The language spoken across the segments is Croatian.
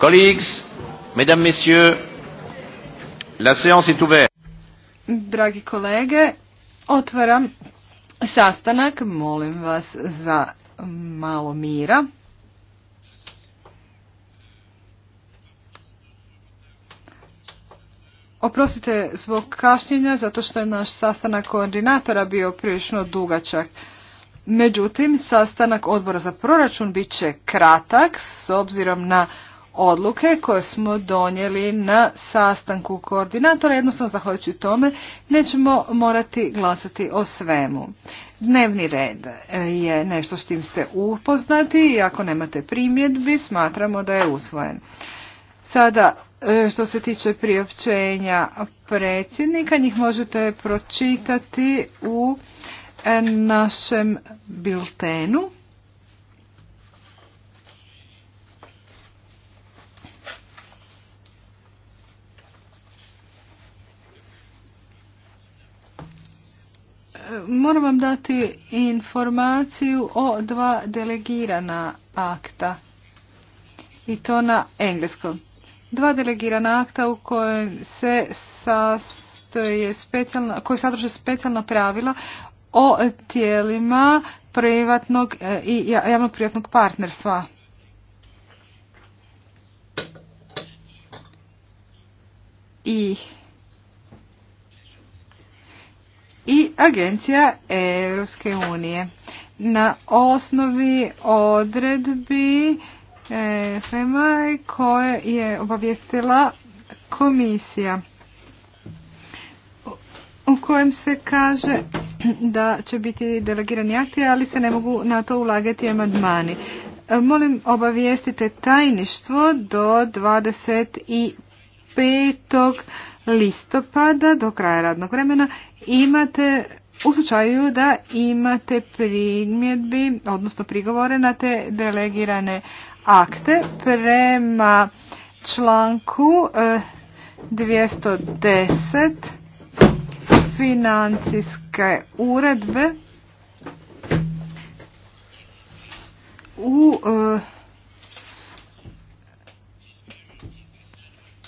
Colleagues, mesdames, messieurs, la séance est ouverte. Dragi kolege, otvaram sastanak, molim vas za malo mira. Oprostite zbog kašnjenja, zato što je naš sastanak koordinatora bio prilično dugačak. Međutim, sastanak odbora za proračun bit će kratak s obzirom na odluke koje smo donijeli na sastanku koordinatora. Jednostavno, zahvaljujući tome, nećemo morati glasati o svemu. Dnevni red e, je nešto s tim se upoznati i ako nemate primjedbi, smatramo da je usvojen. Sada, e, što se tiče priopćenja predsjednika, njih možete pročitati u e, našem biltenu. Moram vam dati informaciju o dva delegirana akta i to na engleskom. Dva delegirana akta u kojem se sastoje specijalna, koji sadrže specijalna pravila o tijelima privatnog e, i javnog privatnog partnerstva. I i Agencija Europske unije. Na osnovi odredbi e, FMA koje je obavijestila komisija u kojem se kaže da će biti delegirani akti, ali se ne mogu na to ulagati amandmani. E, molim obavijestite tajništvo do 25. listopada do kraja radnog vremena imate u slučaju da imate primjedbi, odnosno prigovore na te delegirane akte prema članku 210 eh, financijske uredbe u eh,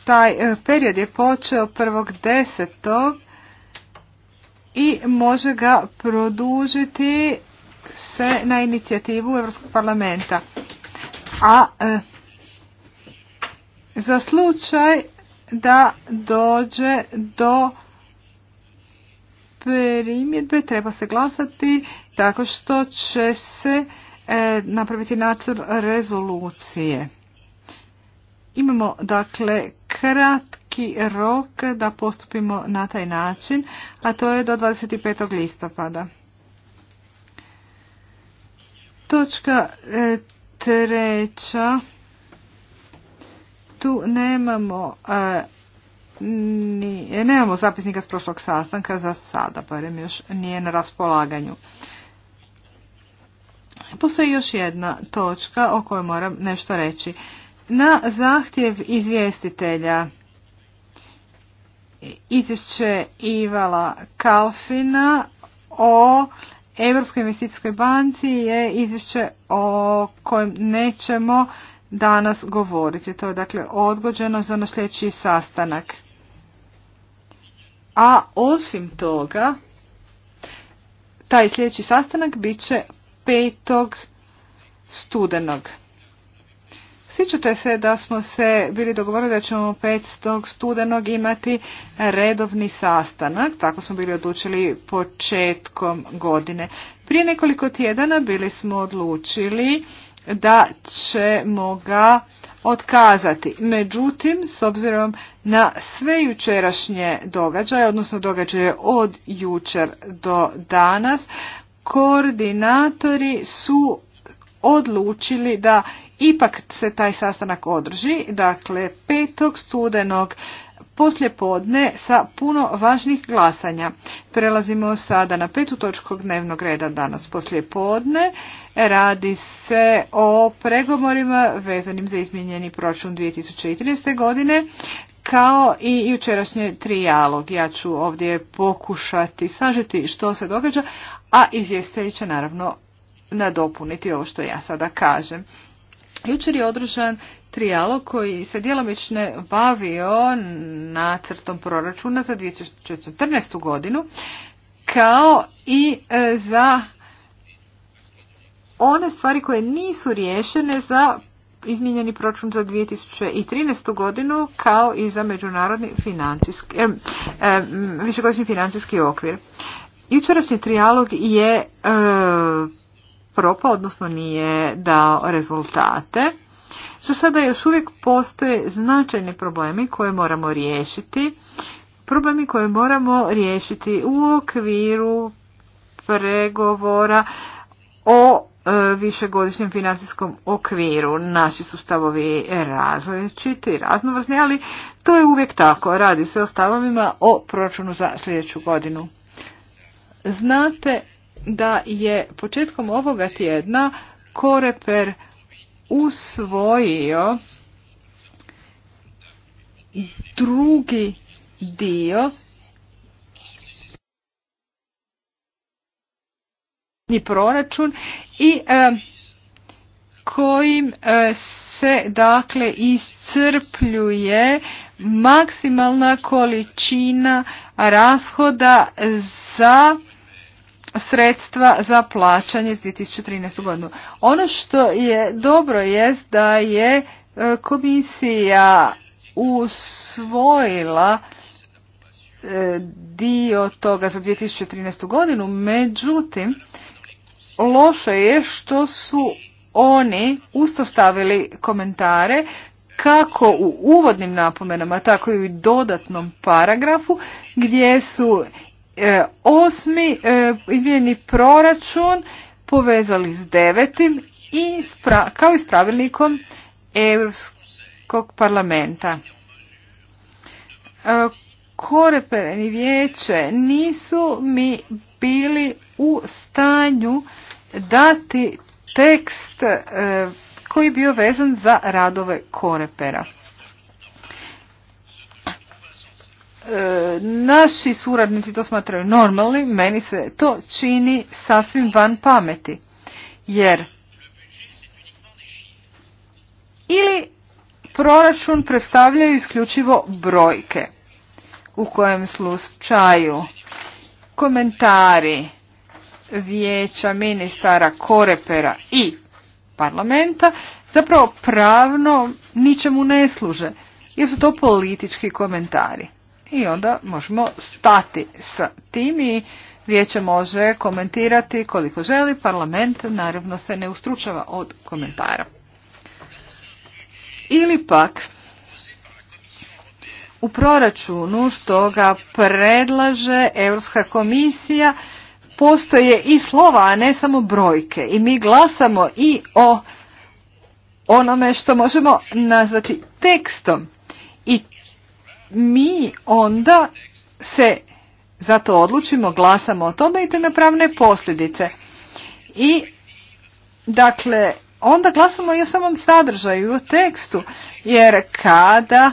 taj eh, period je počeo 1.10 i može ga produžiti se na inicijativu Europskog parlamenta. A e, za slučaj da dođe do primjedbe treba se glasati tako što će se e, napraviti nacrt rezolucije. Imamo dakle kratko neki rok da postupimo na taj način, a to je do 25. listopada. Točka e, treća. Tu nemamo e, nemamo zapisnika s prošlog sastanka za sada, barem još nije na raspolaganju. Postoji još jedna točka o kojoj moram nešto reći. Na zahtjev izvjestitelja izvješće Ivala Kalfina o Europskoj investicijskoj banci je izvješće o kojem nećemo danas govoriti. To je dakle odgođeno za naš sljedeći sastanak. A osim toga, taj sljedeći sastanak bit će 5. studenog. Sjećate se da smo se bili dogovorili da ćemo 500. studenog imati redovni sastanak, tako smo bili odlučili početkom godine. Prije nekoliko tjedana bili smo odlučili da ćemo ga otkazati. Međutim, s obzirom na sve jučerašnje događaje, odnosno događaje od jučer do danas, koordinatori su odlučili da Ipak se taj sastanak održi, dakle 5. studenog poslje podne sa puno važnih glasanja. Prelazimo sada na petu točku dnevnog reda danas poslje podne. Radi se o pregovorima vezanim za izmjenjeni proračun 2013. godine kao i jučerašnji trijalog. Ja ću ovdje pokušati sažeti što se događa, a izvjestitelj će naravno nadopuniti ovo što ja sada kažem. Jučer je održan trijalog koji se djelomično bavio nacrtom proračuna za 2014. godinu kao i e, za one stvari koje nisu riješene za izmijenjeni proračun za 2013. godinu kao i za međunarodni financijski, višegodišnji financijski okvir. Jučerašnji trijalog je e, propao, odnosno nije dao rezultate. Za sada još uvijek postoje značajni problemi koje moramo riješiti, problemi koje moramo riješiti u okviru pregovora o e, višegodišnjem financijskom okviru. Naši su stavovi različiti, raznovrsni, ali to je uvijek tako. Radi se o stavovima o proračunu za sljedeću godinu. Znate da je početkom ovoga tjedna Koreper usvojio drugi dio i proračun i e, kojim e, se dakle iscrpljuje maksimalna količina rashoda za sredstva za plaćanje 2013. godinu. Ono što je dobro je da je e, komisija usvojila e, dio toga za 2013. godinu, međutim, loše je što su oni ustostavili komentare kako u uvodnim napomenama, tako i u dodatnom paragrafu gdje su E, osmi e, izmijenjeni proračun povezali s devetim i kao i s pravilnikom Europskog parlamenta. E, Koreper vječe vijeće nisu mi bili u stanju dati tekst koji je bio vezan za radove Korepera. E, naši suradnici to smatraju normalni, meni se to čini sasvim van pameti. Jer ili proračun predstavljaju isključivo brojke, u kojem slučaju komentari vijeća ministara Korepera i parlamenta zapravo pravno ničemu ne služe, jer su to politički komentari i onda možemo stati s tim i vijeće može komentirati koliko želi, parlament naravno se ne ustručava od komentara. Ili pak u proračunu što ga predlaže Europska komisija postoje i slova, a ne samo brojke. I mi glasamo i o onome što možemo nazvati tekstom mi onda se zato odlučimo, glasamo o tome i to ima pravne posljedice. I dakle, onda glasamo i o samom sadržaju, o tekstu, jer kada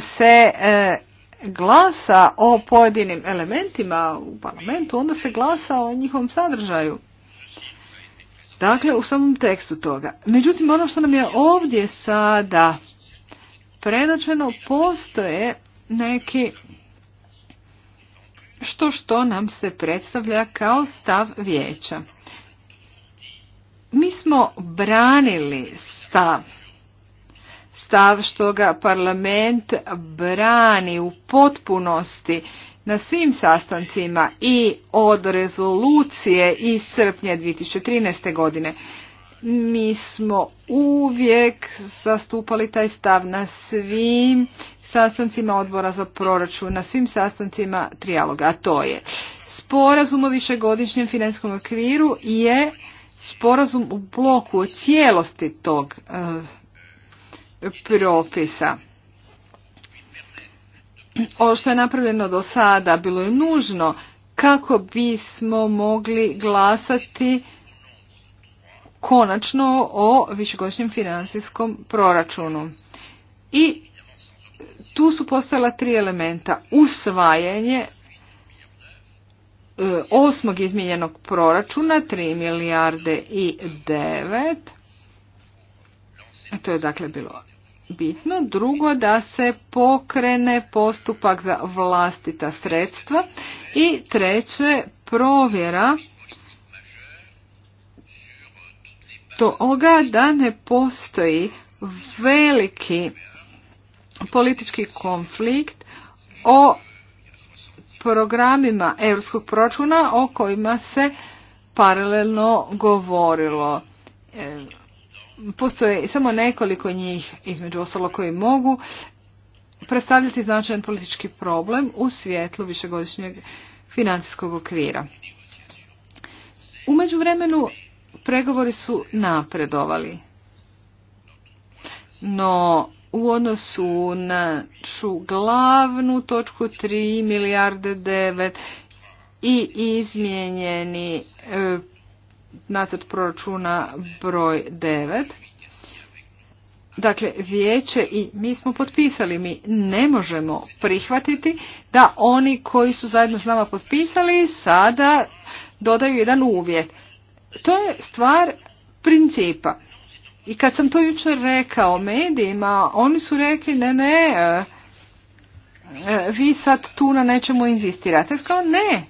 se e, glasa o pojedinim elementima u parlamentu, onda se glasa o njihovom sadržaju. Dakle, u samom tekstu toga. Međutim, ono što nam je ovdje sada predočeno, postoje neki što što nam se predstavlja kao stav vijeća. Mi smo branili stav stav što ga parlament brani u potpunosti na svim sastancima i od rezolucije iz srpnja 2013. godine mi smo uvijek zastupali taj stav na svim sastancima odbora za proračun, na svim sastancima trijaloga, a to je sporazum o višegodišnjem financijskom okviru je sporazum u bloku o cijelosti tog eh, propisa. Ovo što je napravljeno do sada bilo je nužno kako bismo mogli glasati konačno o višegodišnjem financijskom proračunu. I tu su postojala tri elementa. Usvajanje e, osmog izmijenjenog proračuna, 3 milijarde i 9. To je dakle bilo bitno. Drugo, da se pokrene postupak za vlastita sredstva. I treće, provjera toga da ne postoji veliki politički konflikt o programima europskog proračuna o kojima se paralelno govorilo. E, postoje samo nekoliko njih, između ostalo koji mogu, predstavljati značajan politički problem u svjetlu višegodišnjeg financijskog okvira. U međuvremenu Pregovori su napredovali. No, u odnosu na ču glavnu točku 3 milijarde 9 i izmijenjeni e, nacrt proračuna broj 9. Dakle, vijeće i mi smo potpisali, mi ne možemo prihvatiti da oni koji su zajedno s nama potpisali sada dodaju jedan uvjet. To je stvar principa. I kad sam to jučer rekao medijima, oni su rekli ne, ne, eh, vi sad tu na nečemu inzistirate. Ja kao ne,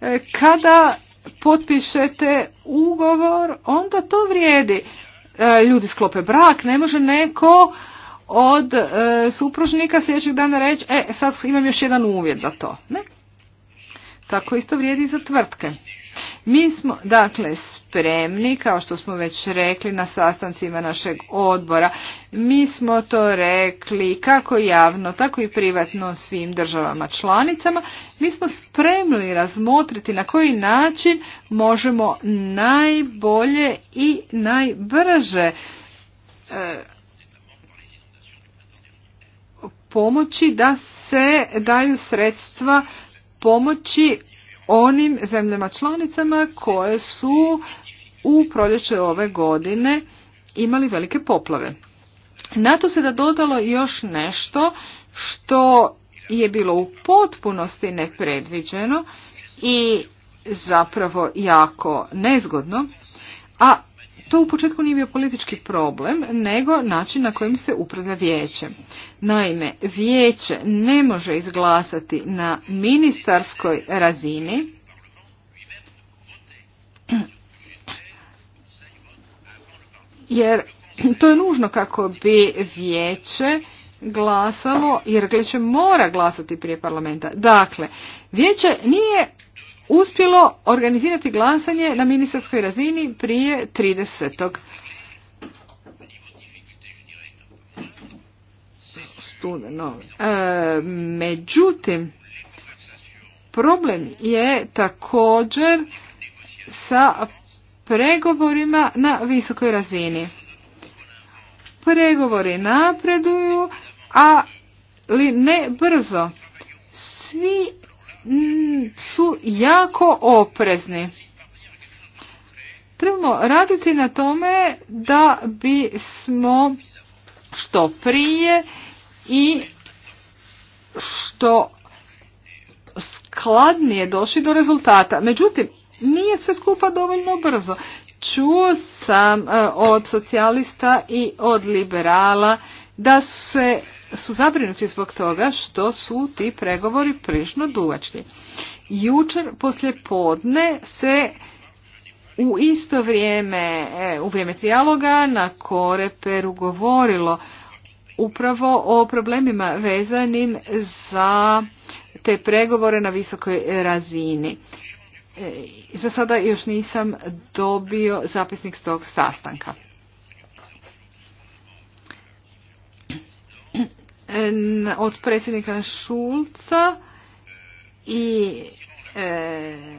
eh, kada potpišete ugovor, onda to vrijedi. Eh, ljudi sklope brak, ne može neko od supružnika sljedećeg dana reći, e, sad imam još jedan uvjet za to. Ne. Tako isto vrijedi i za tvrtke. Mi smo dakle spremni, kao što smo već rekli na sastancima našeg odbora, mi smo to rekli kako javno, tako i privatno svim državama članicama. Mi smo spremni razmotriti na koji način možemo najbolje i najbrže e, pomoći da se daju sredstva pomoći onim zemljama članicama koje su u proljeće ove godine imali velike poplave. Na to se da dodalo još nešto što je bilo u potpunosti nepredviđeno i zapravo jako nezgodno, a to u početku nije bio politički problem, nego način na kojim se upravlja vijeće. Naime, vijeće ne može izglasati na ministarskoj razini jer to je nužno kako bi vijeće glasalo, jer vijeće mora glasati prije parlamenta. Dakle, vijeće nije uspjelo organizirati glasanje na ministarskoj razini prije 30. studeno. E, međutim, problem je također sa pregovorima na visokoj razini. Pregovori napreduju, ali ne brzo. Svi Mm, su jako oprezni. Trebamo raditi na tome da bismo smo što prije i što skladnije došli do rezultata. Međutim, nije sve skupa dovoljno brzo. Čuo sam e, od socijalista i od liberala da se su zabrinuti zbog toga što su ti pregovori prilično dugački. Jučer poslije podne se u isto vrijeme, e, u vrijeme trijaloga na Koreperu govorilo upravo o problemima vezanim za te pregovore na visokoj razini. E, za sada još nisam dobio zapisnik s tog sastanka. od predsjednika Šulca i e,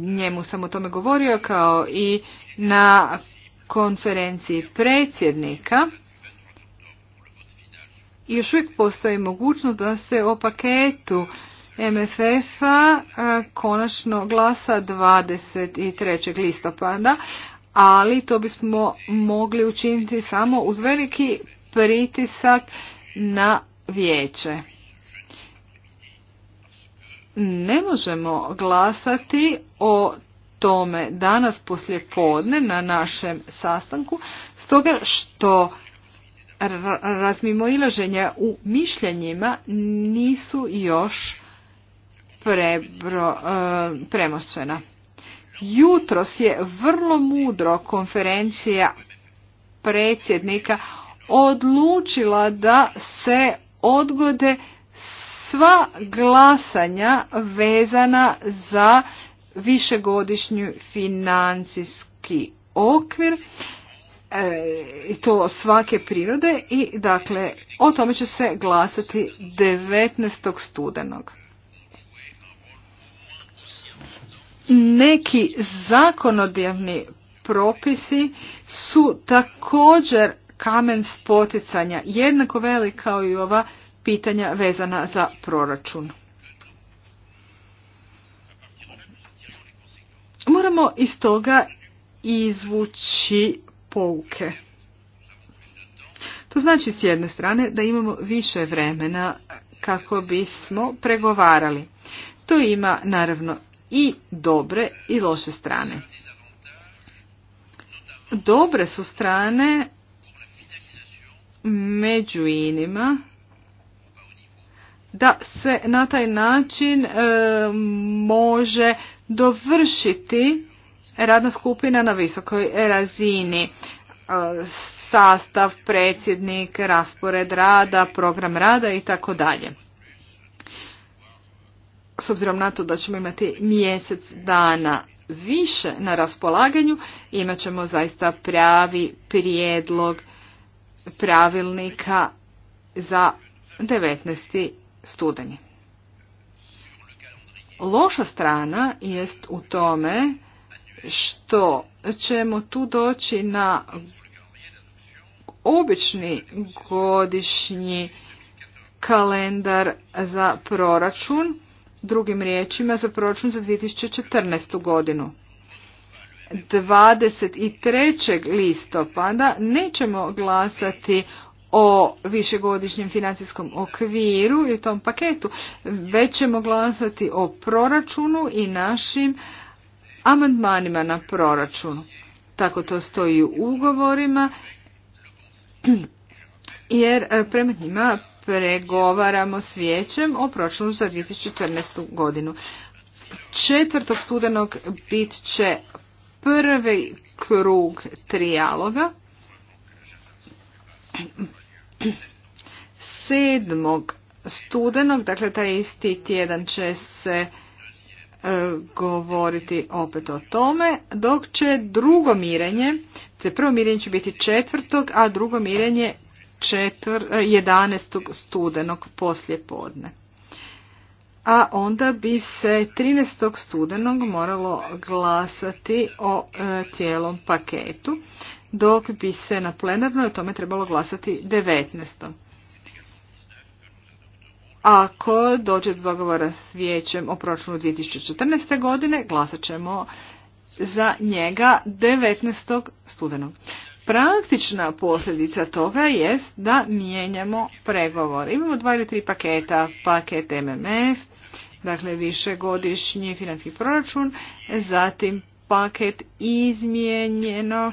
njemu sam o tome govorio kao i na konferenciji predsjednika još uvijek postoji mogućnost da se o paketu MFF-a e, konačno glasa 23. listopada, ali to bismo mogli učiniti samo uz veliki pritisak na vijeće. Ne možemo glasati o tome danas poslije podne na našem sastanku, stoga što razmimoilaženja u mišljenjima nisu još e, premoćena. Jutros je vrlo mudro konferencija predsjednika odlučila da se odgode sva glasanja vezana za višegodišnji financijski okvir e, i to svake prirode i dakle o tome će se glasati 19. studenog. Neki zakonodavni propisi su također kamen spoticanja, jednako velik kao i ova pitanja vezana za proračun. Moramo iz toga izvući pouke. To znači s jedne strane da imamo više vremena kako bismo pregovarali. To ima naravno i dobre i loše strane. Dobre su strane među inima da se na taj način e, može dovršiti radna skupina na visokoj razini. E, sastav, predsjednik, raspored rada, program rada i tako dalje. S obzirom na to da ćemo imati mjesec dana više na raspolaganju, imat ćemo zaista pravi prijedlog pravilnika za 19. studanje. Loša strana jest u tome što ćemo tu doći na obični godišnji kalendar za proračun, drugim riječima za proračun za 2014. godinu. 23. listopada nećemo glasati o višegodišnjem financijskom okviru i tom paketu, već ćemo glasati o proračunu i našim amandmanima na proračunu. Tako to stoji u ugovorima, jer e, prema njima pregovaramo s vijećem o proračunu za 2014. godinu. 4. studenog bit će prvi krug trijaloga sedmog studenog, dakle taj isti tjedan će se e, govoriti opet o tome, dok će drugo mirenje, prvo mirenje će biti četvrtog, a drugo mirenje četvr, 11. E, studenog poslje podne a onda bi se 13. studenog moralo glasati o tijelom cijelom paketu, dok bi se na plenarnoj o tome trebalo glasati 19. Ako dođe do dogovora s vijećem o proračunu 2014. godine, glasat ćemo za njega 19. studenog. Praktična posljedica toga jest da mijenjamo pregovor. Imamo dva ili tri paketa, paket MMF, dakle višegodišnji financijski proračun, zatim paket izmijenjeno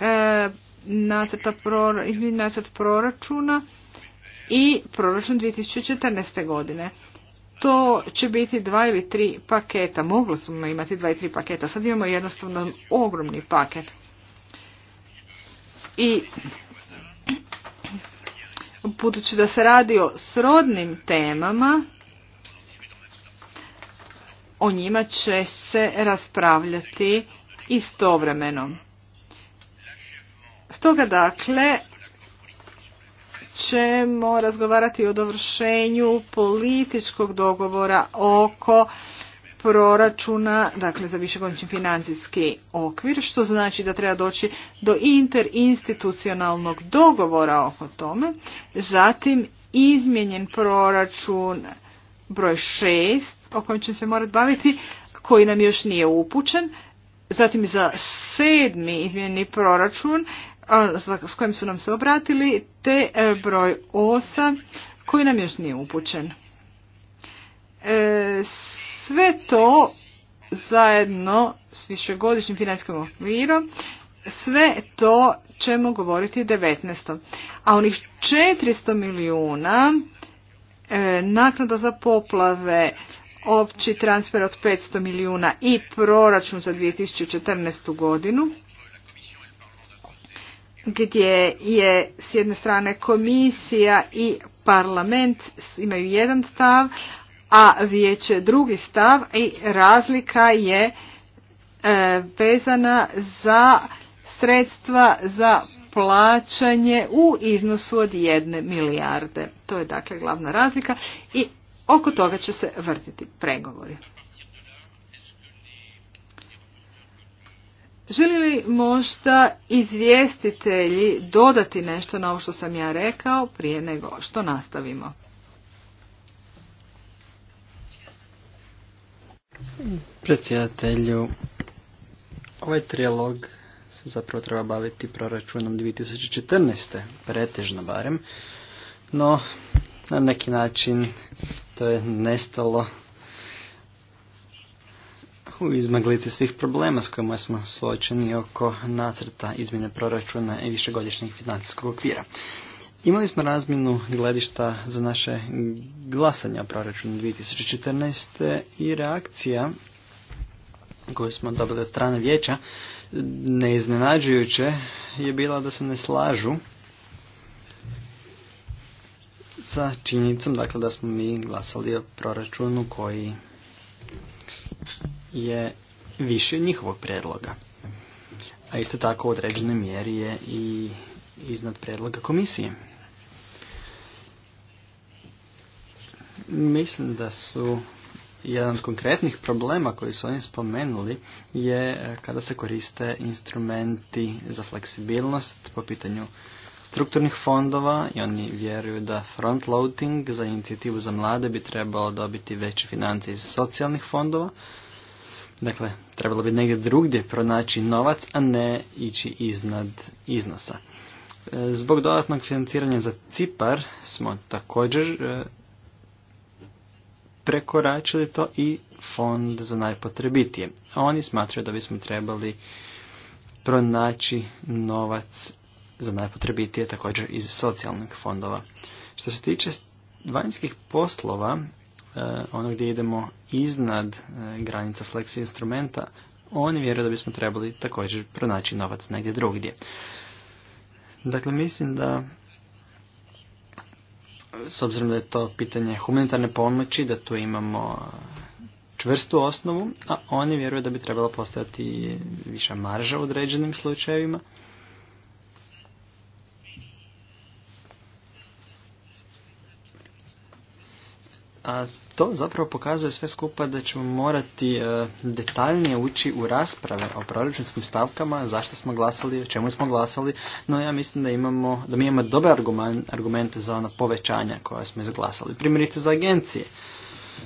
e, nacrt proračuna i proračun 2014. godine. To će biti dva ili tri paketa. Mogli smo imati dva ili tri paketa. Sad imamo jednostavno ogromni paket. I budući da se radi o srodnim temama, o njima će se raspravljati istovremeno. Stoga dakle ćemo razgovarati o dovršenju političkog dogovora oko proračuna, dakle za višegodišnji financijski okvir, što znači da treba doći do interinstitucionalnog dogovora oko tome. Zatim izmijenjen proračun broj šest, o kojem će se morati baviti, koji nam još nije upućen. Zatim za sedmi izmjeni proračun s kojim su nam se obratili, te e, broj osam, koji nam još nije upućen. E, sve to zajedno s višegodišnjim financijskim okvirom, sve to ćemo govoriti 19. A onih 400 milijuna e, naknada za poplave, opći transfer od 500 milijuna i proračun za 2014. godinu gdje je s jedne strane komisija i parlament imaju jedan stav, a vijeće drugi stav i razlika je e, vezana za sredstva za plaćanje u iznosu od jedne milijarde. To je dakle glavna razlika i Oko toga će se vrtiti pregovori. Želi li možda izvjestitelji dodati nešto na ovo što sam ja rekao prije nego što nastavimo? Predsjedatelju, ovaj trijalog se zapravo treba baviti proračunom 2014. pretežno barem, no na neki način to je nestalo u izmagliti svih problema s kojima smo suočeni oko nacrta izmjene proračuna i višegodišnjeg financijskog okvira. Imali smo razminu gledišta za naše glasanje o proračunu 2014. i reakcija koju smo dobili od strane vijeća, neiznenađujuće je bila da se ne slažu sa činjenicom dakle, da smo mi glasali o proračunu koji je više njihovog predloga. A isto tako u određenoj mjeri je i iznad predloga komisije. Mislim da su jedan od konkretnih problema koji su oni spomenuli je eh, kada se koriste instrumenti za fleksibilnost po pitanju strukturnih fondova i oni vjeruju da front-loading za inicijativu za mlade bi trebalo dobiti veće financije iz socijalnih fondova. Dakle, trebalo bi negdje drugdje pronaći novac, a ne ići iznad iznosa. E, zbog dodatnog financiranja za Cipar smo također e, prekoračili to i fond za najpotrebitije. oni smatraju da bismo trebali pronaći novac za najpotrebitije također iz socijalnih fondova. Što se tiče vanjskih poslova, e, ono gdje idemo iznad e, granica fleksi instrumenta, oni vjeruju da bismo trebali također pronaći novac negdje drugdje. Dakle, mislim da s obzirom da je to pitanje humanitarne pomoći, da tu imamo e, čvrstu osnovu, a oni vjeruju da bi trebala postaviti viša marža u određenim slučajevima. A to zapravo pokazuje sve skupa da ćemo morati e, detaljnije ući u rasprave o proračunskim stavkama, zašto smo glasali, o čemu smo glasali, no ja mislim da imamo, da mi imamo dobre argumente za ona povećanja koja smo izglasali. Primjerice za agencije.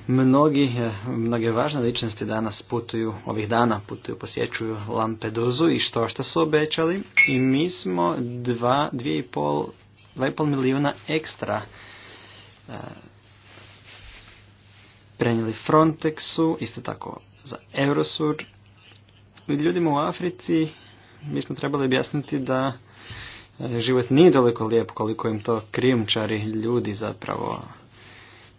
Mnogi, e, mnoge važne ličnosti danas putuju, ovih dana putuju, posjećuju lampedozu i što što su obećali i mi smo dva, dvije i pol, dva i pol milijuna ekstra e, prenijeli Frontexu, isto tako za Eurosur. Ljudima u Africi mi smo trebali objasniti da e, život nije toliko lijep koliko im to krimčari ljudi zapravo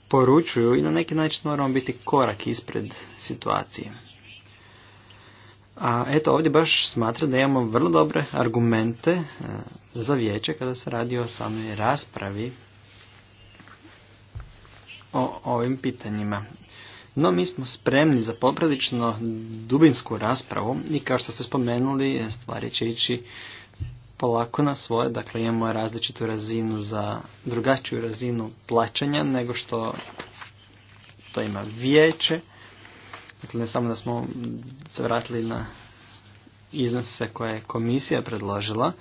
poručuju i na neki način moramo biti korak ispred situacije. A eto ovdje baš smatra da imamo vrlo dobre argumente e, za vijeće kada se radi o samoj raspravi o ovim pitanjima. No mi smo spremni za poprilično dubinsku raspravu i kao što ste spomenuli stvari će ići polako na svoje, dakle imamo različitu razinu za drugačiju razinu plaćanja nego što to ima vijeće. Dakle ne samo da smo se vratili na iznose koje je komisija predložila,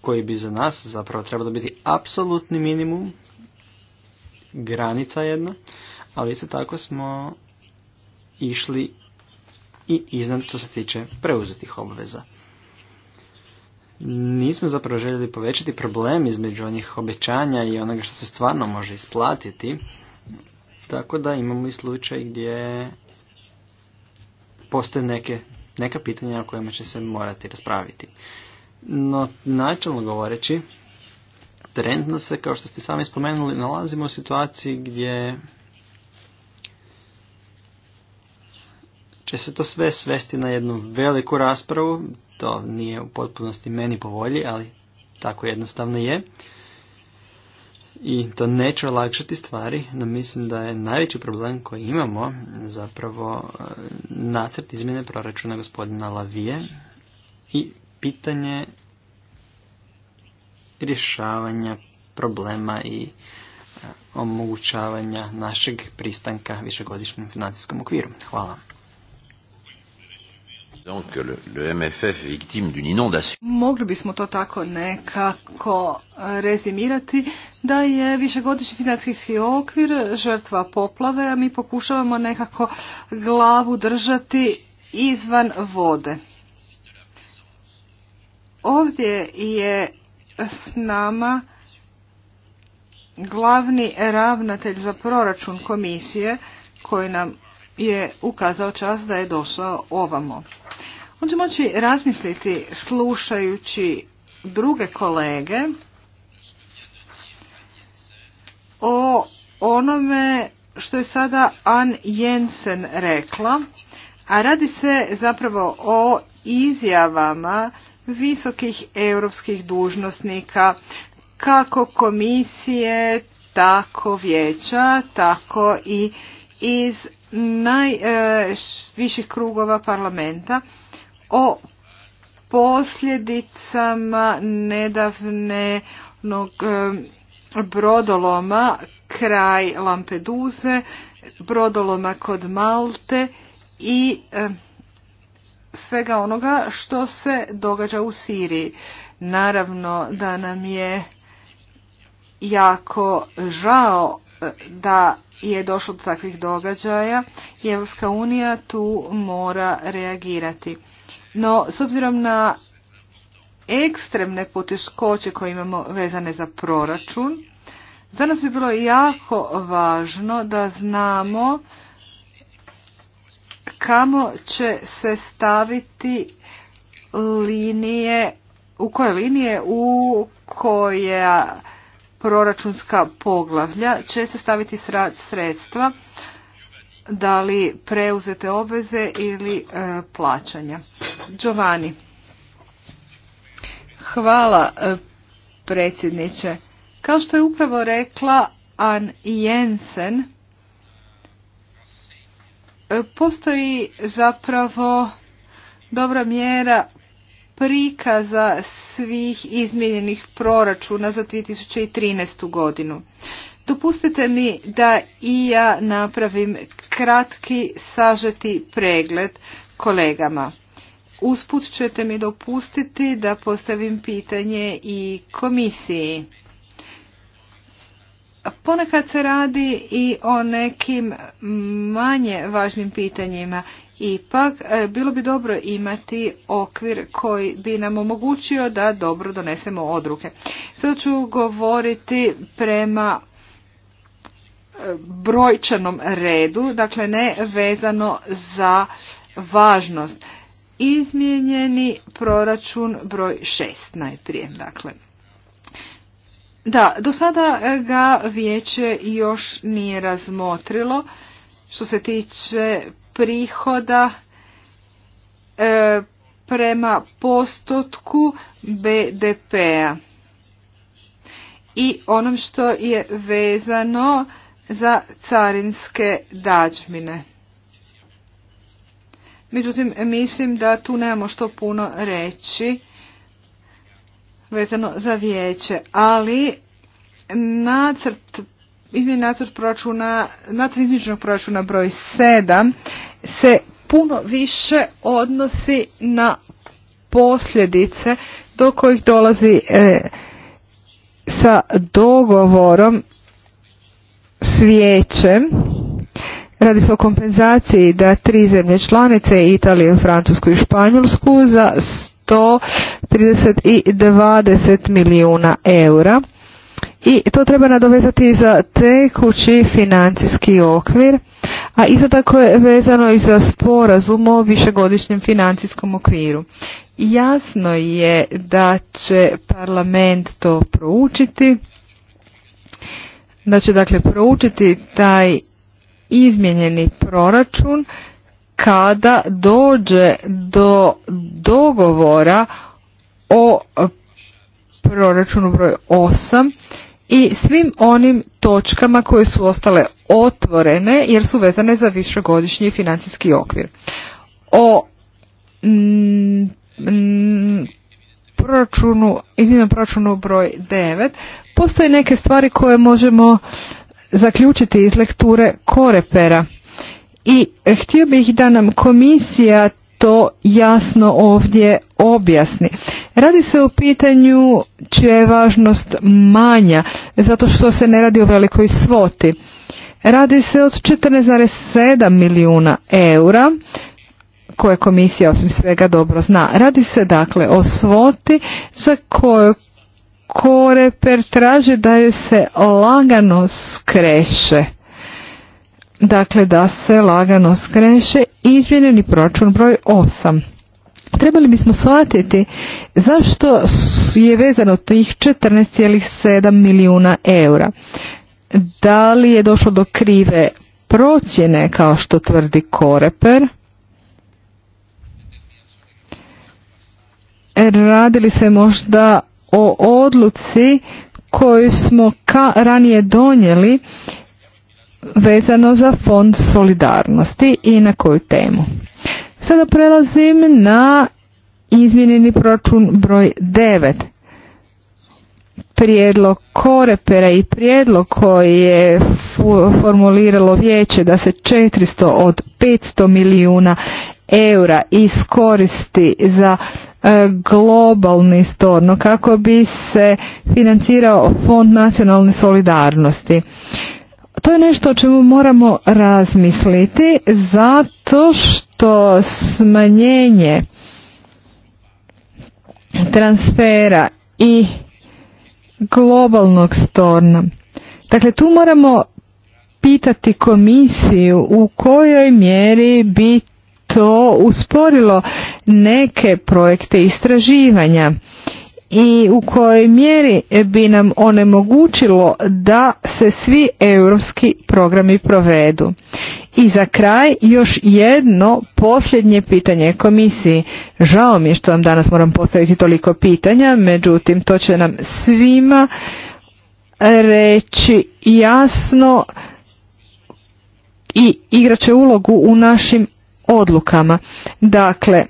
koji bi za nas zapravo trebalo biti apsolutni minimum granica jedna, ali isto tako smo išli i iznad što se tiče preuzetih obveza. Nismo zapravo željeli povećati problem između onih obećanja i onoga što se stvarno može isplatiti, tako da imamo i slučaj gdje postoje neke, neka pitanja o kojima će se morati raspraviti. No, načelno govoreći, Trendno se, kao što ste sami spomenuli, nalazimo u situaciji gdje će se to sve svesti na jednu veliku raspravu. To nije u potpunosti meni po volji, ali tako jednostavno je. I to neće olakšati stvari, no mislim da je najveći problem koji imamo zapravo e, nacrt izmjene proračuna gospodina Lavije i pitanje rješavanja problema i e, omogućavanja našeg pristanka višegodišnjem financijskom okviru. Hvala. Mogli bismo to tako nekako rezimirati da je višegodišnji financijski okvir žrtva poplave, a mi pokušavamo nekako glavu držati izvan vode. Ovdje je s nama glavni ravnatelj za proračun komisije koji nam je ukazao čas da je došao ovamo. On će moći razmisliti slušajući druge kolege o onome što je sada Ann Jensen rekla, a radi se zapravo o izjavama visokih europskih dužnosnika, kako komisije, tako vijeća, tako i iz najviših e, krugova parlamenta o posljedicama nedavne brodoloma kraj Lampeduze, brodoloma kod Malte i e, svega onoga što se događa u Siriji. Naravno da nam je jako žao e, da je došlo do takvih događaja i Evropska unija tu mora reagirati. No, s obzirom na ekstremne poteškoće koje imamo vezane za proračun, za nas bi bilo jako važno da znamo kamo će se staviti linije, u koje linije u koja proračunska poglavlja će se staviti sredstva, da li preuzete obveze ili e, plaćanja. Giovanni. Hvala e, predsjedniče. Kao što je upravo rekla Ann Jensen, postoji zapravo dobra mjera prikaza svih izmijenjenih proračuna za 2013. godinu. Dopustite mi da i ja napravim kratki sažeti pregled kolegama. Usput ćete mi dopustiti da postavim pitanje i komisiji. Ponekad se radi i o nekim manje važnim pitanjima. Ipak, e, bilo bi dobro imati okvir koji bi nam omogućio da dobro donesemo odruke. Sada ću govoriti prema e, brojčanom redu, dakle ne vezano za važnost. Izmijenjeni proračun broj 6 najprije, dakle. Da, do sada ga vijeće još nije razmotrilo. Što se tiče prihoda e, prema postotku BDP-a i onom što je vezano za carinske dađmine. Međutim, mislim da tu nemamo što puno reći vezano za vijeće, ali nacrt izmjeni nacrt proračuna, nacrt izmjeničnog proračuna broj 7 se puno više odnosi na posljedice do kojih dolazi e, sa dogovorom s vijećem Radi se o kompenzaciji da tri zemlje članice, Italiju, Francusku i Španjolsku, za 130 i 20 milijuna eura. I to treba nadovezati za tekući financijski okvir, a isto tako je vezano i za sporazum o višegodišnjem financijskom okviru. Jasno je da će parlament to proučiti, da će dakle proučiti taj izmijenjeni proračun kada dođe do dogovora o proračunu broj 8 i svim onim točkama koje su ostale otvorene jer su vezane za višegodišnji financijski okvir. O proračunu, izmjenom proračunu broj 9 postoje neke stvari koje možemo zaključiti iz lekture korepera i e, htio bih da nam komisija to jasno ovdje objasni. Radi se o pitanju čija je važnost manja, zato što se ne radi o velikoj svoti. Radi se od 14,7 milijuna eura, koje komisija osim svega dobro zna. Radi se dakle o svoti za koju Koreper traži da joj se lagano skreše dakle da se lagano skreše izmjenjeni proračun broj 8. Trebali bismo shvatiti zašto je vezano tih 14,7 milijuna eura. Da li je došlo do krive procjene kao što tvrdi Koreper? Radili se možda o odluci koju smo ka ranije donijeli vezano za fond solidarnosti i na koju temu. Sada prelazim na izmjenjeni proračun broj 9. Prijedlog korepera i prijedlog koji je formuliralo vijeće da se 400 od 500 milijuna eura iskoristi za e, globalni storno kako bi se financirao fond nacionalne solidarnosti to je nešto o čemu moramo razmisliti zato što smanjenje transfera i globalnog storna. Dakle, tu moramo pitati komisiju u kojoj mjeri bi to usporilo neke projekte istraživanja i u kojoj mjeri bi nam onemogućilo da se svi europski programi provedu. I za kraj još jedno posljednje pitanje komisiji. Žao mi je što vam danas moram postaviti toliko pitanja, međutim to će nam svima reći jasno i igraće ulogu u našim odlukama. Dakle,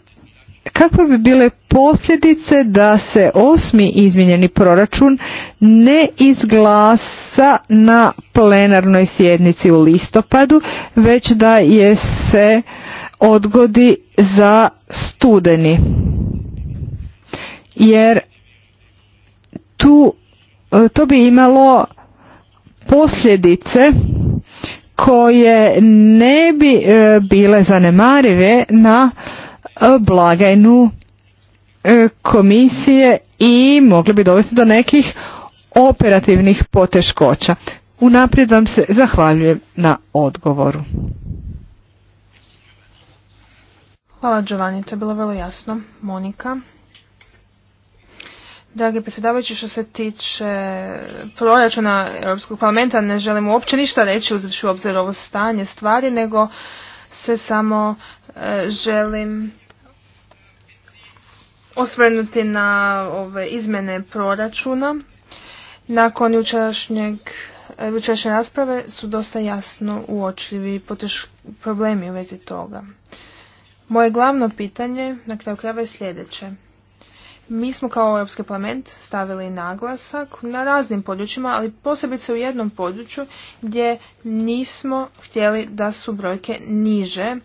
kakve bi bile posljedice da se osmi izmijenjeni proračun ne izglasa na plenarnoj sjednici u listopadu, već da je se odgodi za studeni. Jer tu to bi imalo posljedice koje ne bi e, bile zanemarive na blagajnu e, komisije i mogli bi dovesti do nekih operativnih poteškoća. Unaprijed vam se zahvaljujem na odgovoru. Hvala Giovanni, to je bilo vrlo jasno. Monika. Dragi predsjedavajući, što se tiče proračuna Europskog parlamenta, ne želim uopće ništa reći uzvršu obzir ovo stanje stvari, nego se samo e, želim osvrnuti na ove izmjene proračuna. Nakon jučerašnjeg e, jučerašnje rasprave su dosta jasno uočljivi problemi u vezi toga. Moje glavno pitanje na kraju krajeva je sljedeće. Mi smo kao Europski parlament stavili naglasak na raznim područjima, ali posebice u jednom području gdje nismo htjeli da su brojke niže,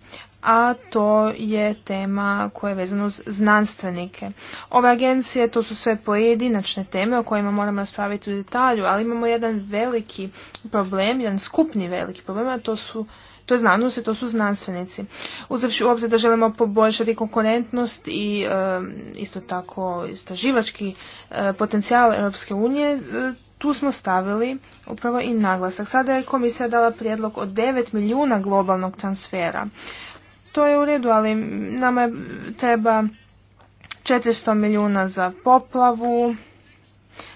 a to je tema koja je vezana uz znanstvenike. Ove agencije, to su sve pojedinačne teme o kojima moramo raspraviti u detalju, ali imamo jedan veliki problem, jedan skupni veliki problem, a to su to je znanost to su znanstvenici. Uzavši u obzir da želimo poboljšati konkurentnost i isto tako istraživački e, potencijal Europske unije, e, tu smo stavili upravo i naglasak. Sada je komisija dala prijedlog od 9 milijuna globalnog transfera to je u redu, ali nama treba 400 milijuna za poplavu,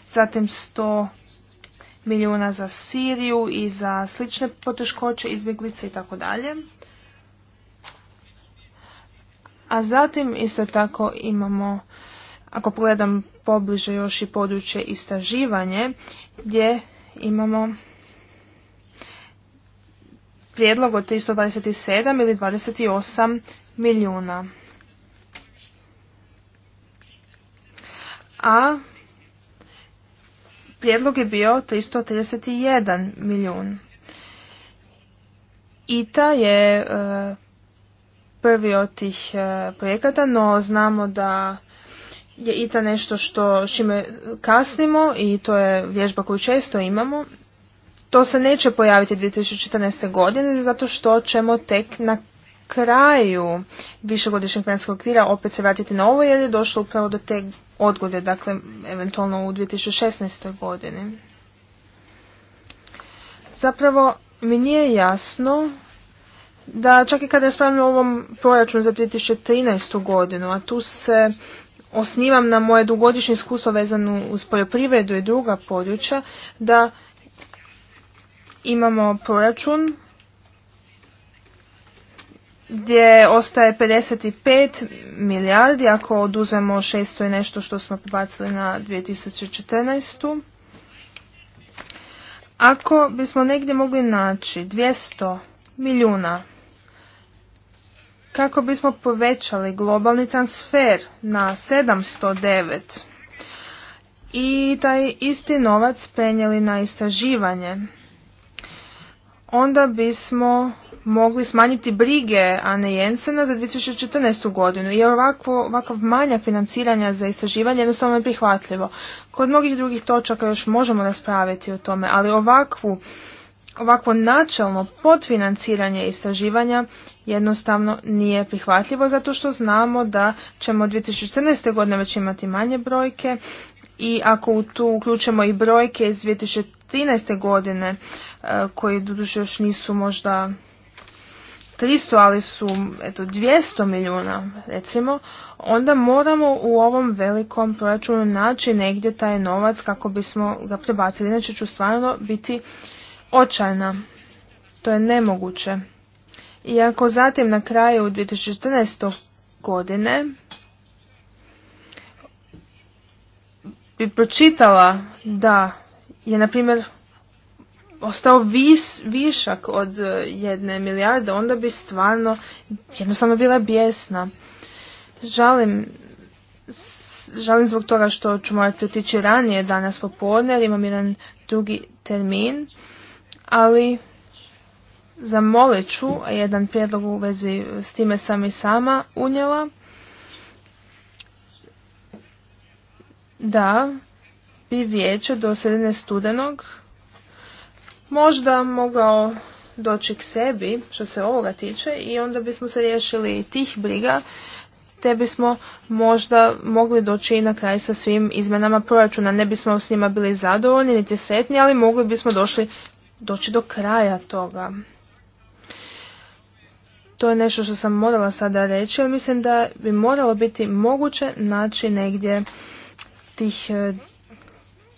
zatim 100 milijuna za Siriju i za slične poteškoće, izbjeglice i tako dalje. A zatim isto tako imamo, ako pogledam pobliže još i područje istraživanje, gdje imamo prijedlog od 327 ili 28 milijuna. A prijedlog je bio 331 milijun. ITA je e, prvi od tih e, projekata, no znamo da je ITA nešto što s čime kasnimo i to je vježba koju često imamo to se neće pojaviti 2014. godine zato što ćemo tek na kraju višegodišnjeg planskog okvira opet se vratiti na ovo jer je došlo upravo do te odgode, dakle eventualno u 2016. godini. Zapravo mi nije jasno da čak i kada raspravljamo o ovom proračunu za 2013. godinu, a tu se osnivam na moje dugodišnje iskustvo vezano uz poljoprivredu i druga područja, da imamo proračun gdje ostaje 55 milijardi ako oduzemo 600 i nešto što smo pobacili na 2014. Ako bismo negdje mogli naći 200 milijuna kako bismo povećali globalni transfer na 709 i taj isti novac prenijeli na istraživanje onda bismo mogli smanjiti brige Ane Jensena za 2014. godinu i ovako, ovakav manjak financiranja za istraživanje jednostavno je prihvatljivo. Kod mnogih drugih točaka još možemo raspraviti o tome, ali ovakvu, ovakvo načelno podfinanciranje istraživanja jednostavno nije prihvatljivo zato što znamo da ćemo 2014. godine već imati manje brojke i ako tu uključimo i brojke iz 2013. godine Eh, koji doduše još nisu možda 300, ali su eto, 200 milijuna recimo, onda moramo u ovom velikom proračunu naći negdje taj novac kako bismo ga prebacili. Inače ću stvarno biti očajna. To je nemoguće. Iako zatim na kraju 2014. godine bi pročitala da je, na primjer, ostao vis, višak od e, jedne milijarde, onda bi stvarno jednostavno bila bijesna. Žalim, žalim zbog toga što ću morati otići ranije danas popodne, jer imam jedan drugi termin, ali zamolit ću, a jedan prijedlog u vezi s time sam i sama unijela, da bi vijeće do sredine studenog možda mogao doći k sebi što se ovoga tiče i onda bismo se riješili tih briga te bismo možda mogli doći i na kraj sa svim izmenama proračuna. Ne bismo s njima bili zadovoljni niti sretni, ali mogli bismo došli, doći do kraja toga. To je nešto što sam morala sada reći, ali mislim da bi moralo biti moguće naći negdje tih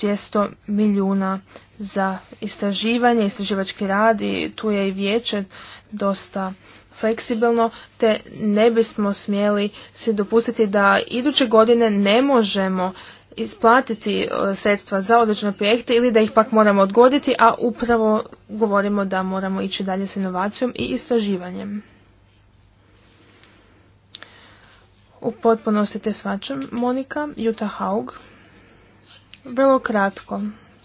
200 milijuna za istraživanje, istraživački rad i tu je i vijeće dosta fleksibilno, te ne bismo smjeli se dopustiti da iduće godine ne možemo isplatiti e, sredstva za određene projekte ili da ih pak moramo odgoditi, a upravo govorimo da moramo ići dalje s inovacijom i istraživanjem. U potpunosti te svačam, Monika Juta Haug. Vrlo kratko.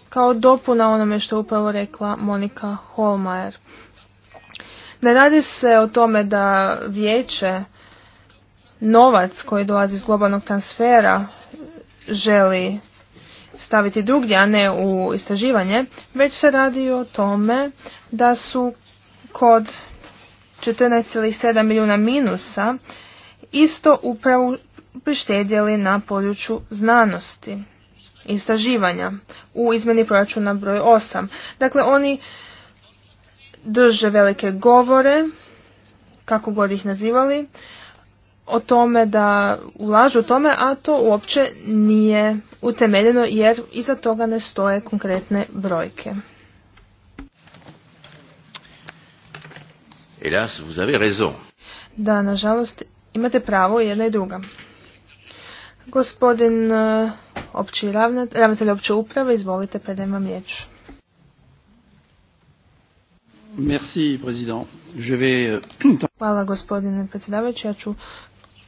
Kao dopuna onome što je upravo rekla Monika Holmajer. Ne radi se o tome da vijeće novac koji dolazi iz globalnog transfera želi staviti drugdje, a ne u istraživanje, već se radi o tome da su kod 14,7 milijuna minusa isto upravo prištedjeli na području znanosti istraživanja u izmeni proračuna broj 8. Dakle, oni drže velike govore, kako god ih nazivali, o tome da ulažu u tome, a to uopće nije utemeljeno jer iza toga ne stoje konkretne brojke. Da, nažalost, imate pravo jedna i druga. Gospodin e, opći ravnatelj, ravnatelj opće uprave, izvolite, predajem vam riječ. Merci, Je vais... Euh, Hvala gospodine predsjedavajući, ja ću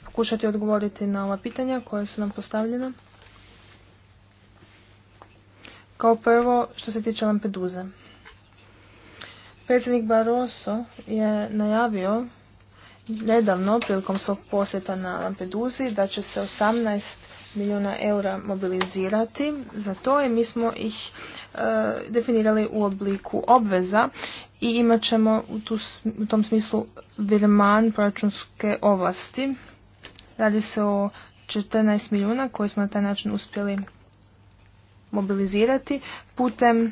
pokušati odgovoriti na ova pitanja koja su nam postavljena. Kao prvo, što se tiče Lampeduze. Predsjednik Barroso je najavio nedavno prilikom svog posjeta na Lampeduzi da će se 18 milijuna eura mobilizirati za to i mi smo ih e, definirali u obliku obveza i imat ćemo u, tom smislu virman proračunske ovlasti. Radi se o 14 milijuna koji smo na taj način uspjeli mobilizirati putem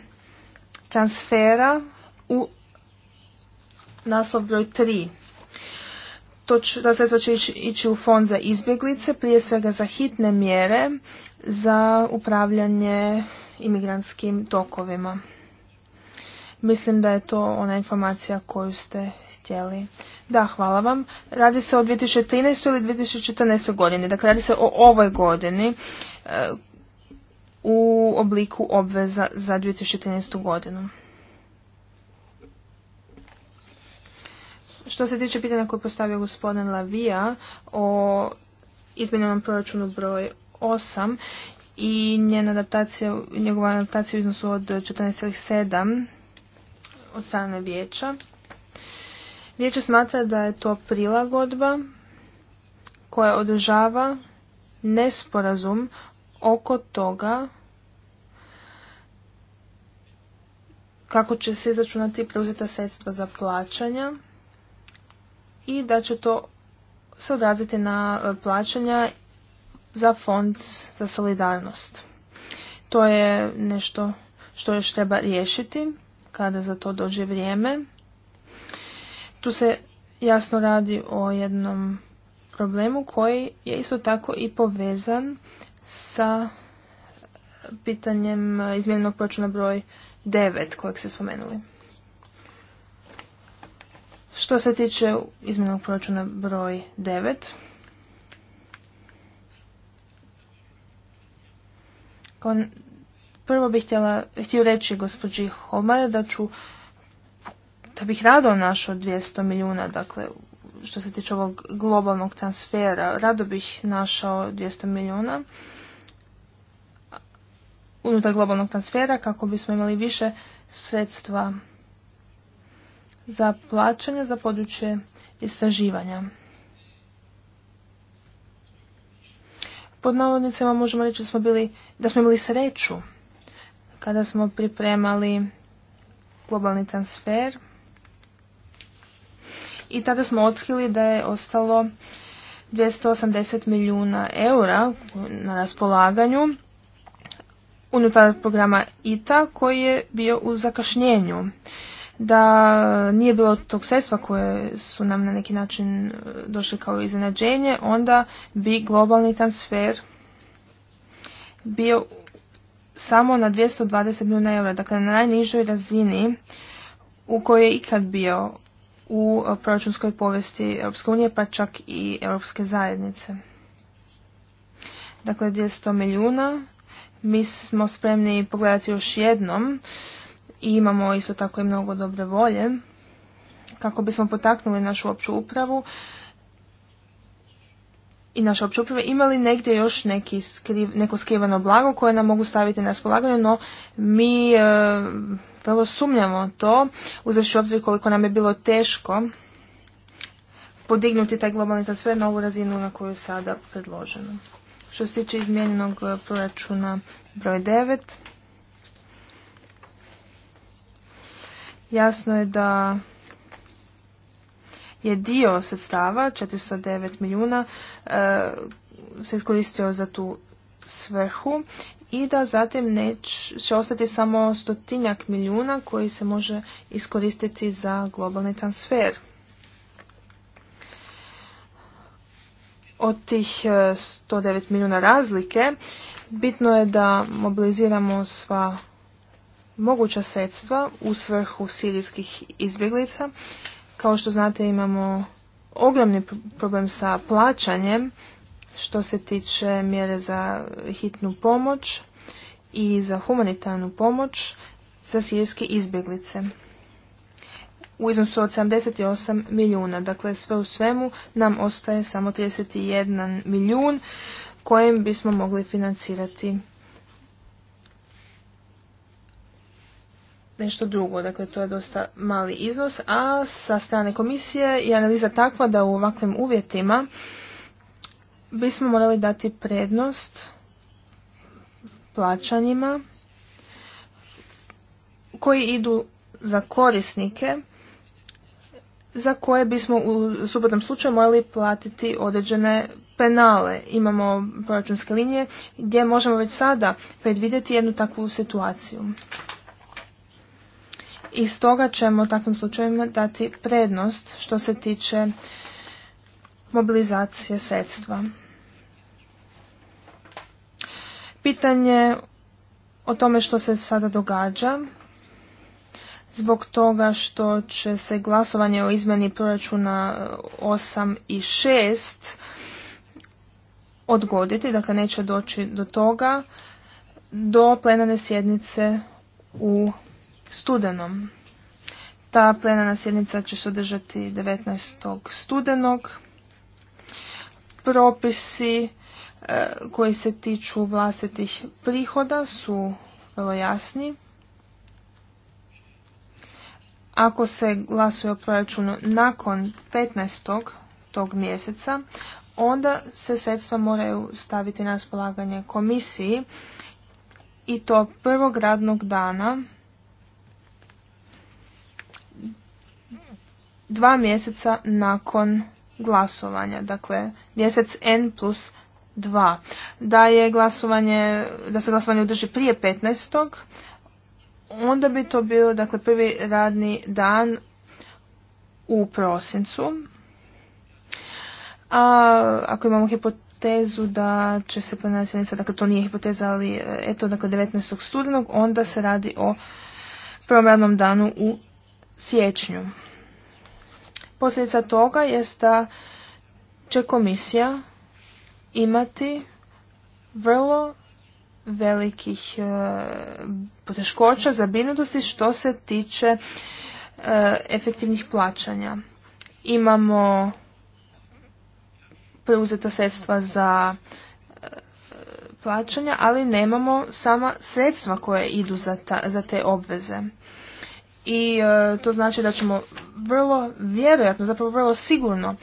transfera u naslov broj tri to sredstva će ići, u fond za izbjeglice, prije svega za hitne mjere za upravljanje imigrantskim tokovima. Mislim da je to ona informacija koju ste htjeli. Da, hvala vam. Radi se o 2013. ili 2014. godini. Dakle, radi se o ovoj godini e, u obliku obveza za 2013. godinu. Što se tiče pitanja koje postavio gospodin Lavija o izmjenjenom proračunu broj 8 i njena adaptacija, njegova adaptacija u iznosu od 14,7 od strane vijeća. Vijeće smatra da je to prilagodba koja održava nesporazum oko toga kako će se izračunati preuzeta sredstva za plaćanja i da će to se odraziti na e, plaćanja za fond za solidarnost. To je nešto što još treba riješiti kada za to dođe vrijeme. Tu se jasno radi o jednom problemu koji je isto tako i povezan sa pitanjem e, izmjenog proračuna broj 9 kojeg se spomenuli. Što se tiče izmjenog proračuna broj 9, prvo bih htjela, htio reći gospođi Holmar da ću da bih rado našao 200 milijuna, dakle što se tiče ovog globalnog transfera, rado bih našao 200 milijuna unutar globalnog transfera kako bismo imali više sredstva za plaćanje za područje istraživanja. Pod navodnicima možemo reći da smo, bili, da smo imali sreću kada smo pripremali globalni transfer i tada smo otkrili da je ostalo 280 milijuna eura na raspolaganju unutar programa ITA koji je bio u zakašnjenju da nije bilo tog sredstva koje su nam na neki način e, došli kao iznenađenje, onda bi globalni transfer bio samo na 220 milijuna eura, dakle na najnižoj razini u kojoj je ikad bio u e, proračunskoj povesti Europske unije, pa čak i Europske zajednice. Dakle, 200 milijuna. Mi smo spremni pogledati još jednom i imamo isto tako i mnogo dobre volje kako bismo potaknuli našu opću upravu i naše opće uprave imali negdje još neki skriv, neko skrivano blago koje nam mogu staviti na raspolaganje, no mi e, vrlo sumnjamo to, uzevši obzir koliko nam je bilo teško podignuti taj globalni transfer na ovu razinu na koju je sada predloženo. Što se tiče izmijenjenog e, proračuna broj 9, Jasno je da je dio sredstava, 409 milijuna, eh, se iskoristio za tu svrhu i da zatim će ostati samo stotinjak milijuna koji se može iskoristiti za globalni transfer. Od tih 109 eh, milijuna razlike bitno je da mobiliziramo sva moguća sredstva u svrhu sirijskih izbjeglica. Kao što znate imamo ogromni problem sa plaćanjem što se tiče mjere za hitnu pomoć i za humanitarnu pomoć za sirijske izbjeglice u iznosu od 78 milijuna. Dakle, sve u svemu nam ostaje samo 31 milijun kojim bismo mogli financirati nešto drugo. Dakle, to je dosta mali iznos, a sa strane komisije je analiza takva da u ovakvim uvjetima bismo morali dati prednost plaćanjima koji idu za korisnike za koje bismo u suprotnom slučaju morali platiti određene penale. Imamo proračunske linije gdje možemo već sada predvidjeti jednu takvu situaciju i stoga ćemo takvim slučajevima dati prednost što se tiče mobilizacije sredstva. Pitanje o tome što se sada događa zbog toga što će se glasovanje o izmjeni proračuna 8 i 6 odgoditi, dakle neće doći do toga, do plenarne sjednice u studenom. Ta plenarna sjednica će se održati 19. studenog. Propisi e, koji se tiču vlastitih prihoda su vrlo jasni. Ako se glasuje o proračunu nakon 15. tog mjeseca, onda se sredstva moraju staviti na raspolaganje komisiji i to prvog radnog dana dva mjeseca nakon glasovanja, dakle mjesec N plus 2. Da, je glasovanje, da se glasovanje održi prije 15. Onda bi to bio dakle, prvi radni dan u prosincu. A ako imamo hipotezu da će se plenarna sjednica, dakle to nije hipoteza, ali e, eto, dakle 19. studenog, onda se radi o prvom danu u siječnju. Posljedica toga je da će komisija imati vrlo velikih e, poteškoća zabrinutosti što se tiče e, efektivnih plaćanja. Imamo preuzeta sredstva za e, plaćanja, ali nemamo sama sredstva koje idu za, za te obveze i e, to znači da ćemo vrlo vjerojatno, zapravo vrlo sigurno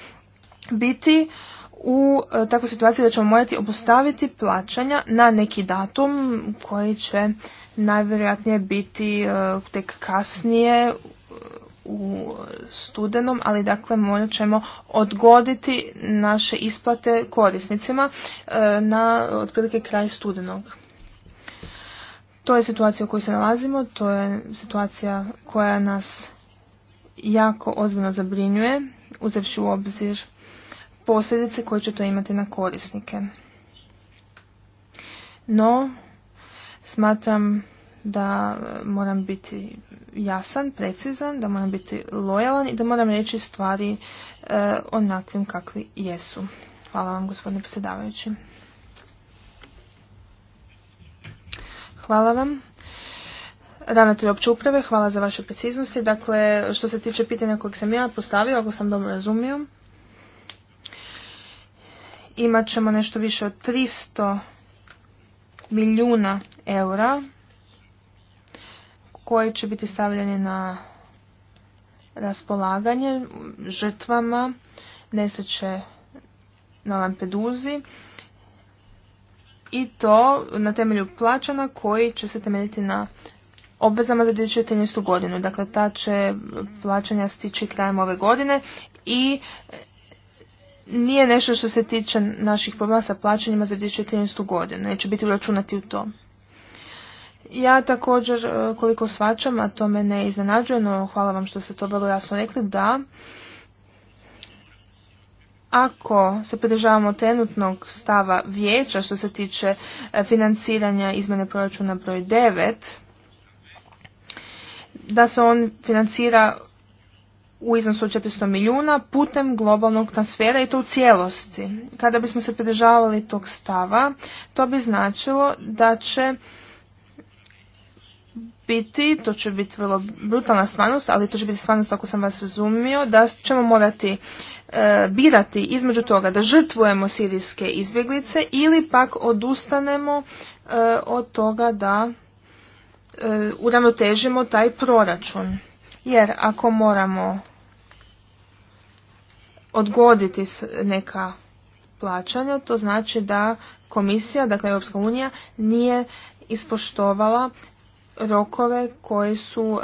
biti u e, takvoj situaciji da ćemo morati obustaviti plaćanja na neki datum koji će najvjerojatnije biti e, tek kasnije u studenom, ali dakle morat ćemo odgoditi naše isplate korisnicima na otprilike kraj studenog. To je situacija u kojoj se nalazimo, to je situacija koja nas jako ozbiljno zabrinjuje, uzevši u obzir posljedice koje će to imati na korisnike. No, smatram da moram biti jasan, precizan, da moram biti lojalan i da moram reći stvari e, onakvim kakvi jesu. Hvala vam gospodine predsjedavajući. Hvala vam. Ravnatelj opće uprave, hvala za vaše preciznosti. Dakle, što se tiče pitanja kojeg sam ja postavio, ako sam dobro razumio, imat ćemo nešto više od 300 milijuna eura koji će biti stavljeni na raspolaganje žrtvama nesreće na Lampeduzi i to na temelju plaćana koji će se temeljiti na obvezama za 2014. godinu. Dakle, ta će plaćanja stići krajem ove godine i e, nije nešto što se tiče naših problema sa plaćanjima za 2014. godinu. Neće biti uračunati u to. Ja također e, koliko svačam, a to me ne iznenađuje, no hvala vam što ste to bilo jasno rekli, da ako se pridržavamo trenutnog stava vijeća što se tiče e, financiranja izmjene proračuna broj 9, da se on financira u iznosu od 400 milijuna putem globalnog transfera i to u cijelosti. Kada bismo se pridržavali tog stava, to bi značilo da će biti, to će biti vrlo brutalna stvarnost, ali to će biti stvarnost ako sam vas razumio, da ćemo morati E, birati između toga da žrtvujemo sirijske izbjeglice ili pak odustanemo e, od toga da e, uravnotežimo taj proračun. Jer ako moramo odgoditi neka plaćanja, to znači da komisija, dakle Europska unija, nije ispoštovala rokove koji su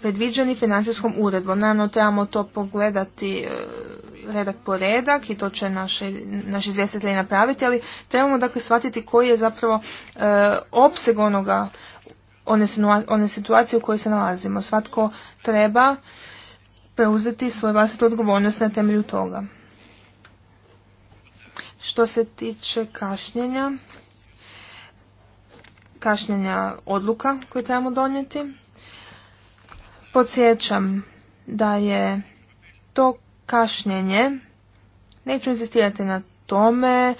predviđeni financijskom uredbom. Naravno, trebamo to pogledati redak po redak i to će naše, naši izvjestitelji napraviti, ali trebamo dakle shvatiti koji je zapravo eh, opseg onoga, one, one situacije u kojoj se nalazimo. Svatko treba preuzeti svoju vlastitu odgovornost na temelju toga. Što se tiče kašnjenja, kašnjenja odluka koje trebamo donijeti, podsjećam da je to kašnjenje. Neću insistirati na tome,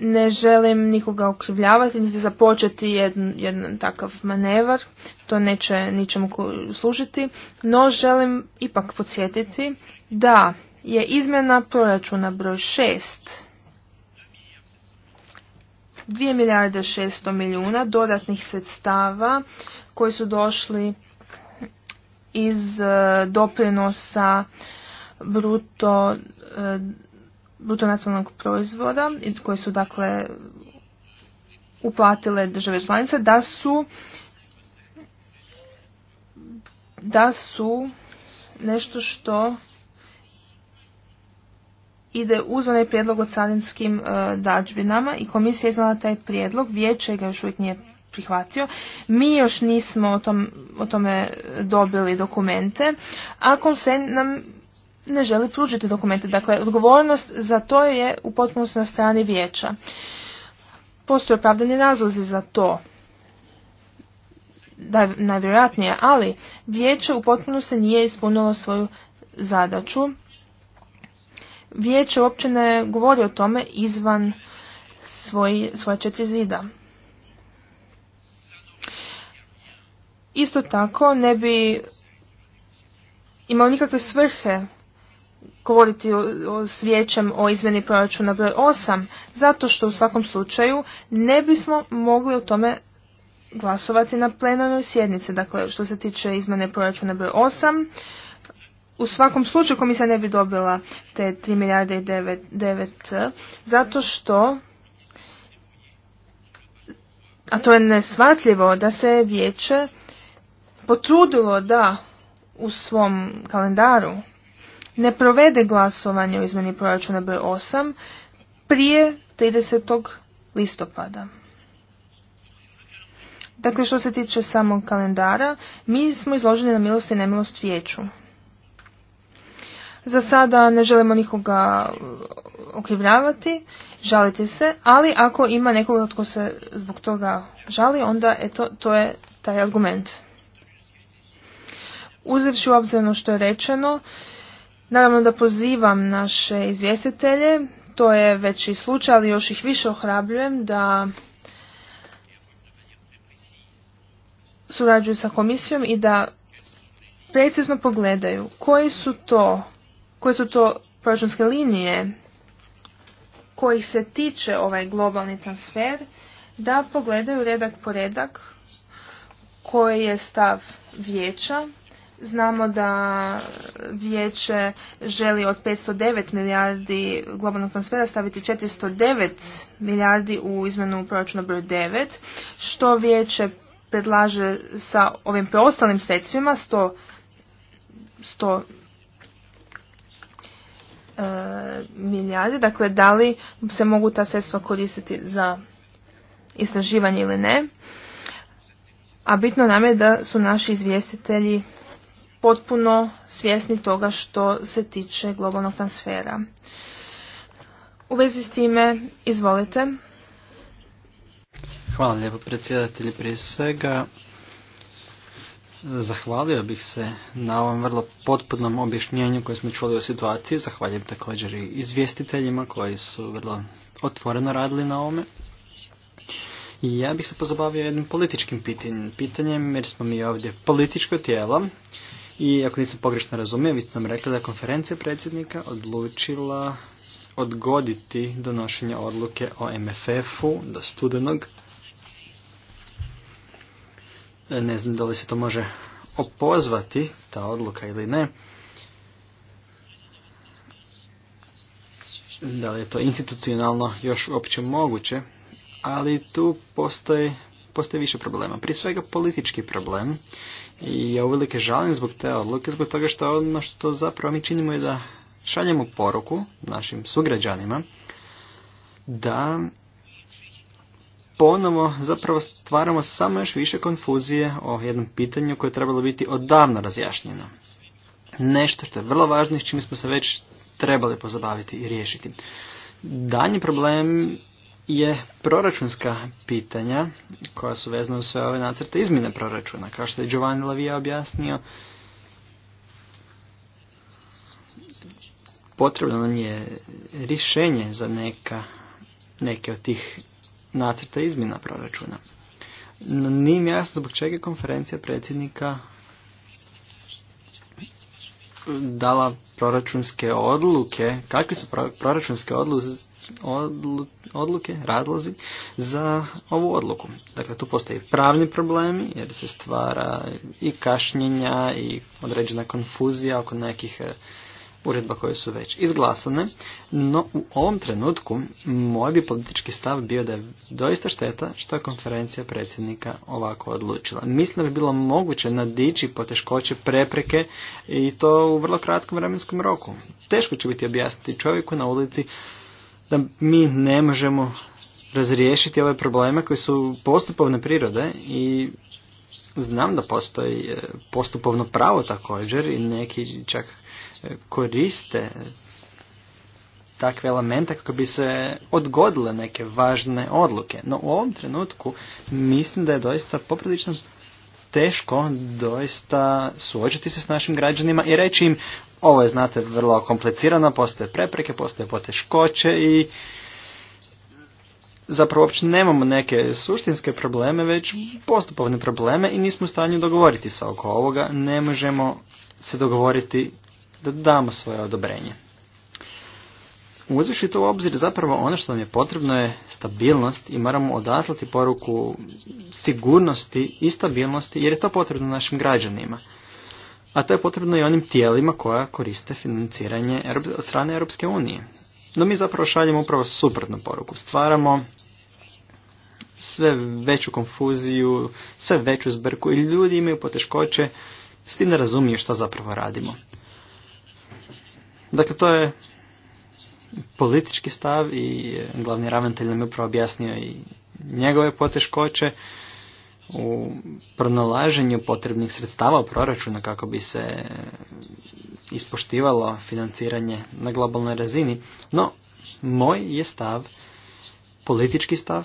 ne želim nikoga okrivljavati, niti započeti jedan, jedan takav manevar, to neće ničemu služiti, no želim ipak podsjetiti da je izmjena proračuna broj 6 2 milijarde 600 milijuna dodatnih sredstava koji su došli iz e, doprinosa bruto, eh, bruto nacionalnog proizvoda koje su dakle uplatile države članice da su da su nešto što ide uz onaj prijedlog o carinskim eh, dađbinama i komisija je znala taj prijedlog, vijeće ga još uvijek nije prihvatio. Mi još nismo o, o tome dobili dokumente, a konsen nam ne želi pružiti dokumente. Dakle, odgovornost za to je u potpunosti na strani vijeća. Postoje opravdani razlozi za to, da najvjerojatnije, ali vijeće u potpunosti nije ispunilo svoju zadaću. Vijeće uopće ne govori o tome izvan svoj, četiri zida. Isto tako ne bi imao nikakve svrhe govoriti s vijećem o izmjeni proračuna broj 8, zato što u svakom slučaju ne bismo mogli o tome glasovati na plenarnoj sjednici. Dakle, što se tiče izmjene proračuna broj 8, u svakom slučaju komisija ne bi dobila te 3 milijarde i e, zato što a to je nesvatljivo da se vijeće potrudilo da u svom kalendaru ne provede glasovanje o izmjeni proračuna broj 8 prije 30. listopada. Dakle, što se tiče samog kalendara, mi smo izloženi na milost i nemilost vijeću. Za sada ne želimo nikoga okrivljavati, žaliti se, ali ako ima nekoga tko se zbog toga žali, onda eto, to je taj argument. Uzevši u obzirno što je rečeno, Naravno da pozivam naše izvjestitelje, to je već i slučaj, ali još ih više ohrabljujem da surađuju sa komisijom i da precizno pogledaju koje su to, koje su to proračunske linije kojih se tiče ovaj globalni transfer, da pogledaju redak po redak koji je stav vijeća Znamo da vijeće želi od 509 milijardi globalnog transfera staviti 409 milijardi u izmenu proračuna broj 9, što vijeće predlaže sa ovim preostalim sredstvima 100, e, milijardi, dakle da li se mogu ta sredstva koristiti za istraživanje ili ne. A bitno nam je da su naši izvjestitelji potpuno svjesni toga što se tiče globalnog transfera. U vezi s time, izvolite. Hvala lijepo predsjedatelji prije svega. Zahvalio bih se na ovom vrlo potpunom objašnjenju koje smo čuli o situaciji. Zahvaljujem također i izvjestiteljima koji su vrlo otvoreno radili na ovome. I ja bih se pozabavio jednim političkim pitanjem jer smo mi ovdje političko tijelo i ako nisam pogrešno razumio, vi ste nam rekli da je konferencija predsjednika odlučila odgoditi donošenje odluke o MFF-u do studenog. Ne znam da li se to može opozvati, ta odluka ili ne. Da li je to institucionalno još uopće moguće, ali tu postoji postoji više problema. Prije svega politički problem i ja uvelike žalim zbog te odluke, zbog toga što ono što zapravo mi činimo je da šaljemo poruku našim sugrađanima da ponovo zapravo stvaramo samo još više konfuzije o jednom pitanju koje je trebalo biti odavno razjašnjeno. Nešto što je vrlo važno i s čime smo se već trebali pozabaviti i riješiti. Danji problem je proračunska pitanja koja su vezana u sve ove nacrte izmjene proračuna. Kao što je Giovanni Lavija objasnio, potrebno nam je rješenje za neka, neke od tih nacrta izmjena proračuna. Nim nije mi jasno zbog čega je konferencija predsjednika dala proračunske odluke, kakve su proračunske odluke odluke, razlozi za ovu odluku. Dakle, tu postoji pravni problemi jer se stvara i kašnjenja i određena konfuzija oko nekih e, uredba koje su već izglasane, no u ovom trenutku moj bi politički stav bio da je doista šteta što je konferencija predsjednika ovako odlučila. Mislim da bi bilo moguće nadići poteškoće prepreke i to u vrlo kratkom vremenskom roku. Teško će biti objasniti čovjeku na ulici da mi ne možemo razriješiti ove probleme koji su postupovne prirode i znam da postoji e, postupovno pravo također i neki čak e, koriste takve elemente kako bi se odgodile neke važne odluke. No u ovom trenutku mislim da je doista poprilično teško doista suočiti se s našim građanima i reći im ovo je, znate, vrlo komplicirano, postoje prepreke, postoje poteškoće i zapravo uopće nemamo neke suštinske probleme, već postupovne probleme i nismo u stanju dogovoriti sa oko ovoga, ne možemo se dogovoriti da damo svoje odobrenje. Uzevši to u obzir zapravo ono što nam je potrebno je stabilnost i moramo odaslati poruku sigurnosti i stabilnosti jer je to potrebno našim građanima. A to je potrebno i onim tijelima koja koriste financiranje od strane Europske unije. No mi zapravo šaljemo upravo suprotnu poruku. Stvaramo sve veću konfuziju, sve veću zbrku i ljudi imaju poteškoće s tim ne razumiju što zapravo radimo. Dakle, to je politički stav i eh, glavni ravnatelj nam je upravo objasnio i njegove poteškoće u pronalaženju potrebnih sredstava u proračuna kako bi se eh, ispoštivalo financiranje na globalnoj razini. No, moj je stav, politički stav,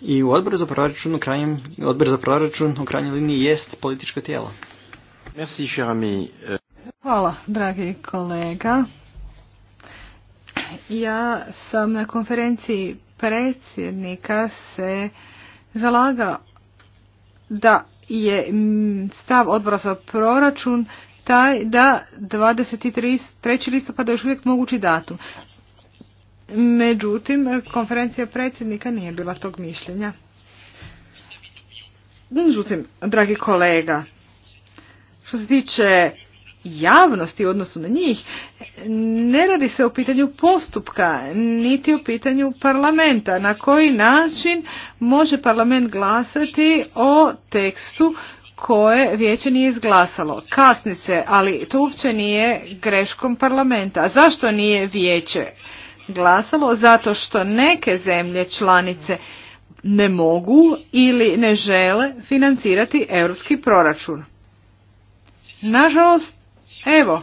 i u odbor za proračun u krajnjem, odbor za proračun u krajnjoj liniji jest političko tijelo. Merci, Hvala, dragi kolega. Ja sam na konferenciji predsjednika se zalaga da je mm, stav odbora za proračun taj da 23. listopada još uvijek mogući datum. Međutim, konferencija predsjednika nije bila tog mišljenja. Međutim, dragi kolega, što se tiče javnosti u odnosu na njih, ne radi se o pitanju postupka, niti o pitanju parlamenta. Na koji način može parlament glasati o tekstu koje vijeće nije izglasalo. Kasni se, ali to uopće nije greškom parlamenta. Zašto nije vijeće glasalo? Zato što neke zemlje članice ne mogu ili ne žele financirati europski proračun. Nažalost, Evo,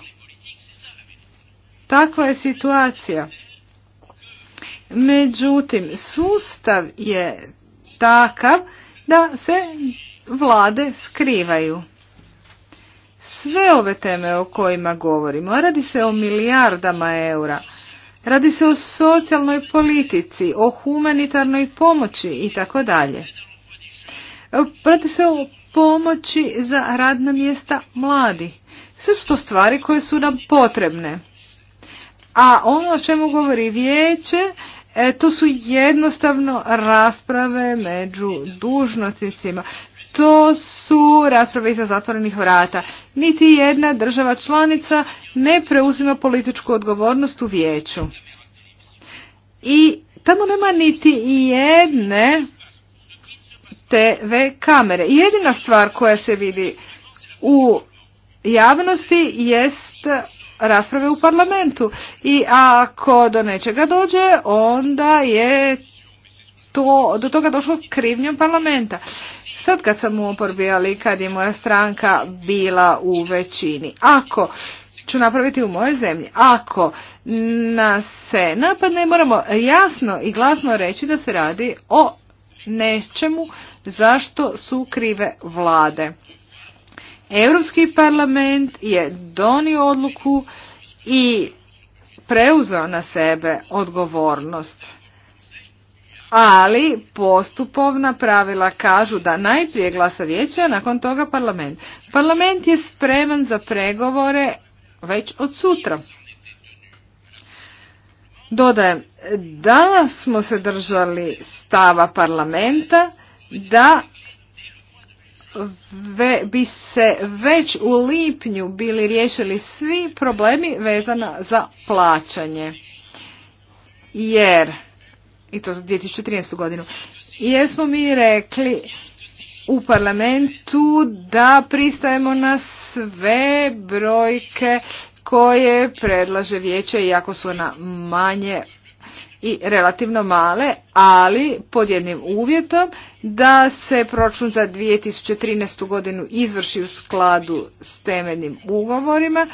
takva je situacija. Međutim, sustav je takav da se vlade skrivaju. Sve ove teme o kojima govorimo, radi se o milijardama eura, radi se o socijalnoj politici, o humanitarnoj pomoći i tako dalje. Radi se o pomoći za radna mjesta mladih. Sve su to stvari koje su nam potrebne. A ono o čemu govori vijeće, e, to su jednostavno rasprave među dužnosnicima. To su rasprave iza zatvorenih vrata. Niti jedna država članica ne preuzima političku odgovornost u vijeću. I tamo nema niti jedne TV kamere. Jedina stvar koja se vidi u javnosti jest rasprave u parlamentu. I ako do nečega dođe, onda je to, do toga došlo krivnjom parlamenta. Sad kad sam u oporbi, ali kad je moja stranka bila u većini. Ako ću napraviti u mojoj zemlji, ako nas se napadne, moramo jasno i glasno reći da se radi o nečemu zašto su krive vlade. Europski parlament je donio odluku i preuzeo na sebe odgovornost. Ali postupovna pravila kažu da najprije glasa vijeća a nakon toga parlament. Parlament je spreman za pregovore već od sutra. Dodajem, danas smo se držali stava parlamenta da ve, bi se već u lipnju bili riješili svi problemi vezana za plaćanje. Jer, i to za 2013. godinu, jesmo mi rekli u parlamentu da pristajemo na sve brojke koje predlaže vijeće iako su ona manje i relativno male, ali pod jednim uvjetom da se proračun za 2013. godinu izvrši u skladu s temeljnim ugovorima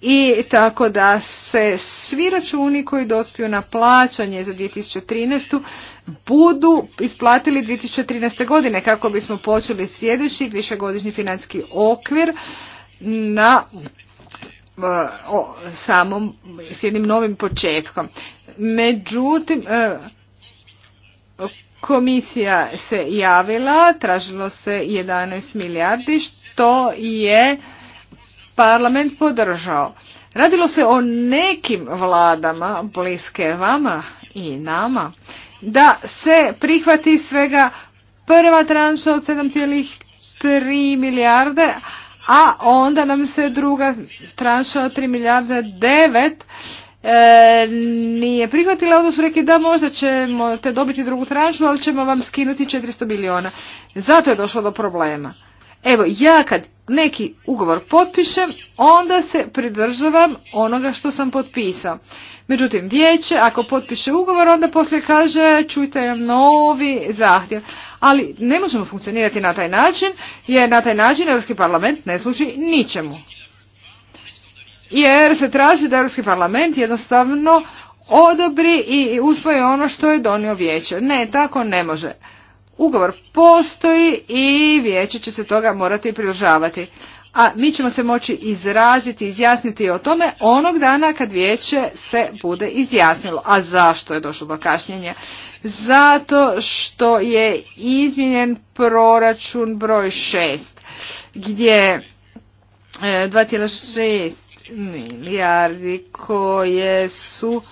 i tako da se svi računi koji dospiju na plaćanje za 2013. budu isplatili 2013. godine kako bismo počeli sljedeći višegodišnji financijski okvir na o samom, s jednim novim početkom. Međutim, e, komisija se javila, tražilo se 11 milijardi, što je parlament podržao. Radilo se o nekim vladama bliske vama i nama da se prihvati svega prva tranša od 7,3 milijarde, a onda nam se druga tranša od 3 milijarde 9 E, nije prihvatila, onda su rekli da možda ćemo te dobiti drugu tranšu, ali ćemo vam skinuti 400 milijuna. Zato je došlo do problema. Evo, ja kad neki ugovor potpišem, onda se pridržavam onoga što sam potpisao. Međutim, vijeće, ako potpiše ugovor, onda poslije kaže čujte novi zahtjev. Ali ne možemo funkcionirati na taj način, jer na taj način Europski parlament ne služi ničemu. Jer se traži da Europski parlament jednostavno odobri i usvoji ono što je donio vijeće. Ne, tako ne može ugovor postoji i vijeće će se toga morati pridržavati. A mi ćemo se moći izraziti, izjasniti o tome onog dana kad vijeće se bude izjasnilo. A zašto je došlo do kašnjenja? Zato što je izmijenjen proračun broj 6 gdje 2,6 e, milijardi koje su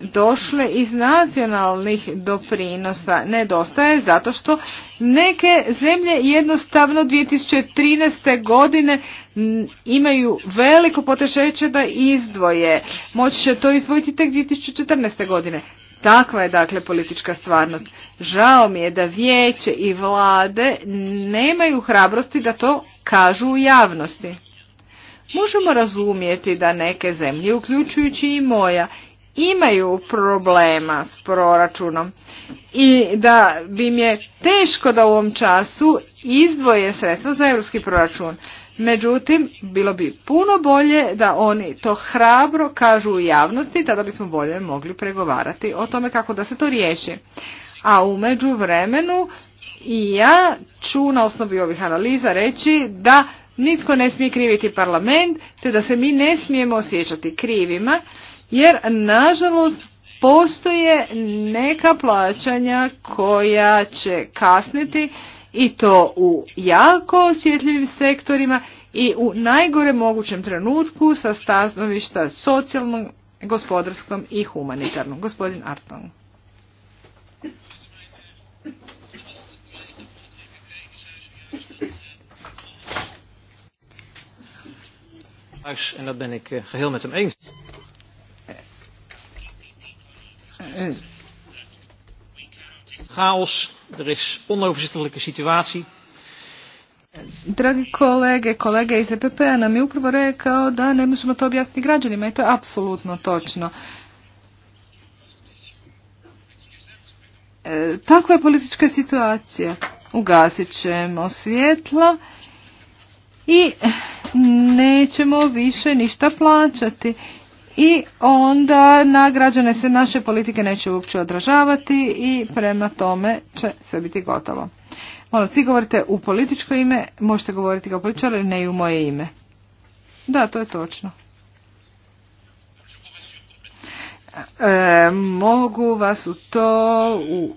došle iz nacionalnih doprinosa. Nedostaje zato što neke zemlje jednostavno 2013. godine imaju veliko potešeće da izdvoje. Moći će to izdvojiti tek 2014. godine. Takva je dakle politička stvarnost. Žao mi je da vijeće i vlade nemaju hrabrosti da to kažu u javnosti. Možemo razumjeti da neke zemlje, uključujući i moja, imaju problema s proračunom i da bi im je teško da u ovom času izdvoje sredstva za europski proračun. Međutim, bilo bi puno bolje da oni to hrabro kažu u javnosti, tada bismo bolje mogli pregovarati o tome kako da se to riješi. A u međuvremenu i ja ću na osnovi ovih analiza reći da nitko ne smije kriviti parlament, te da se mi ne smijemo osjećati krivima jer nažalost postoje neka plaćanja koja će kasniti i to u jako osjetljivim sektorima i u najgore mogućem trenutku sa stanovišta socijalnom, gospodarskom i humanitarnom. Gospodin Arton. Eh, Chaos, er is onoverzichtelijke situatie. Dragi kolege, kolege iz EPP-a nam je upravo rekao da ne možemo to objasniti građanima i to je apsolutno točno. E, tako takva je politička situacija. Ugasit ćemo svjetla i nećemo više ništa plaćati i onda na građane se naše politike neće uopće odražavati i prema tome će sve biti gotovo. Molim, svi govorite u političko ime, možete govoriti kao političar, ali ne i u moje ime. Da, to je točno. E, mogu vas u to u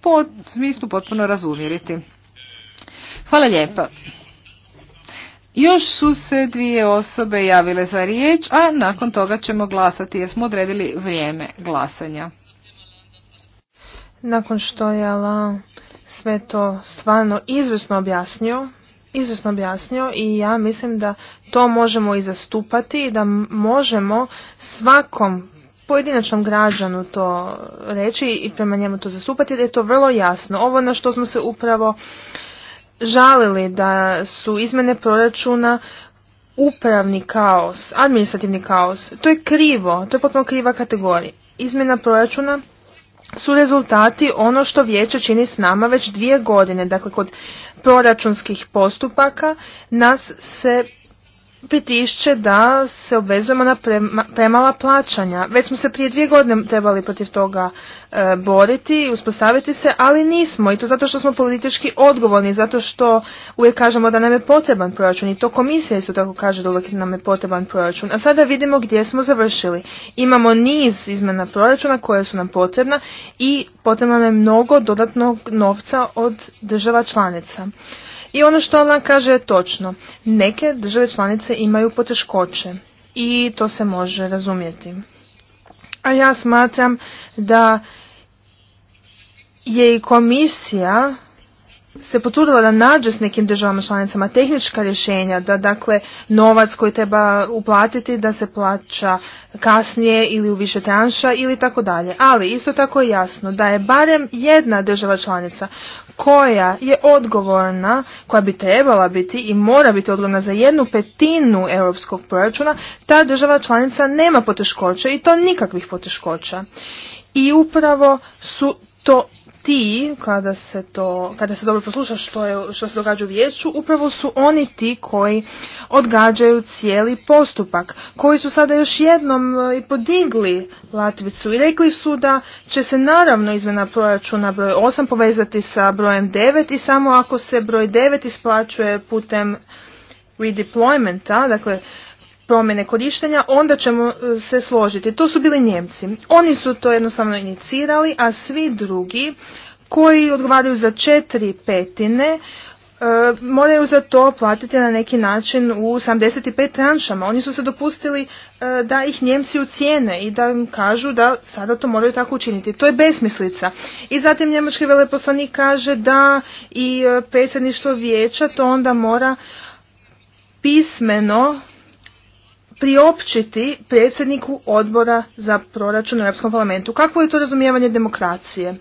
pot, smislu potpuno razumjeriti. Hvala lijepa. Još su se dvije osobe javile za riječ, a nakon toga ćemo glasati jer smo odredili vrijeme glasanja. Nakon što je sve to stvarno izvrsno objasnio, izvrsno objasnio i ja mislim da to možemo i zastupati i da možemo svakom pojedinačnom građanu to reći i prema njemu to zastupati, da je to vrlo jasno. Ovo na što smo se upravo žalili da su izmjene proračuna upravni kaos, administrativni kaos. To je krivo, to je potpuno kriva kategorija. Izmjena proračuna su rezultati ono što vijeće čini s nama već dvije godine. Dakle, kod proračunskih postupaka nas se pritišće da se obvezujemo na premala plaćanja. Već smo se prije dvije godine trebali protiv toga e, boriti i uspostaviti se, ali nismo. I to zato što smo politički odgovorni, zato što uvijek kažemo da nam je potreban proračun. I to komisija isto tako kaže da uvijek nam je potreban proračun. A sada vidimo gdje smo završili. Imamo niz izmjena proračuna koje su nam potrebna i potrebno nam je mnogo dodatnog novca od država članica. I ono što ona kaže je točno. Neke države članice imaju poteškoće i to se može razumjeti. A ja smatram da je i komisija se potrudila da nađe s nekim državama članicama tehnička rješenja, da dakle novac koji treba uplatiti da se plaća kasnije ili u više tranša ili tako dalje. Ali isto tako je jasno da je barem jedna država članica koja je odgovorna, koja bi trebala biti i mora biti odgovorna za jednu petinu europskog proračuna, ta država članica nema poteškoća i to nikakvih poteškoća. I upravo su to ti, kada se, to, kada se dobro posluša što, je, što se događa u vijeću, upravo su oni ti koji odgađaju cijeli postupak, koji su sada još jednom e, i podigli Latvicu i rekli su da će se naravno izmjena proračuna broj 8 povezati sa brojem 9 i samo ako se broj 9 isplaćuje putem redeploymenta, dakle promjene korištenja, onda ćemo e, se složiti. To su bili Njemci. Oni su to jednostavno inicirali, a svi drugi koji odgovaraju za četiri petine, e, moraju za to platiti na neki način u 75 tranšama. Oni su se dopustili e, da ih Njemci ucijene i da im kažu da sada to moraju tako učiniti. To je besmislica. I zatim njemački veleposlanik kaže da i predsjedništvo vijeća to onda mora pismeno priopćiti predsjedniku odbora za proračun u Europskom parlamentu. Kako je to razumijevanje demokracije?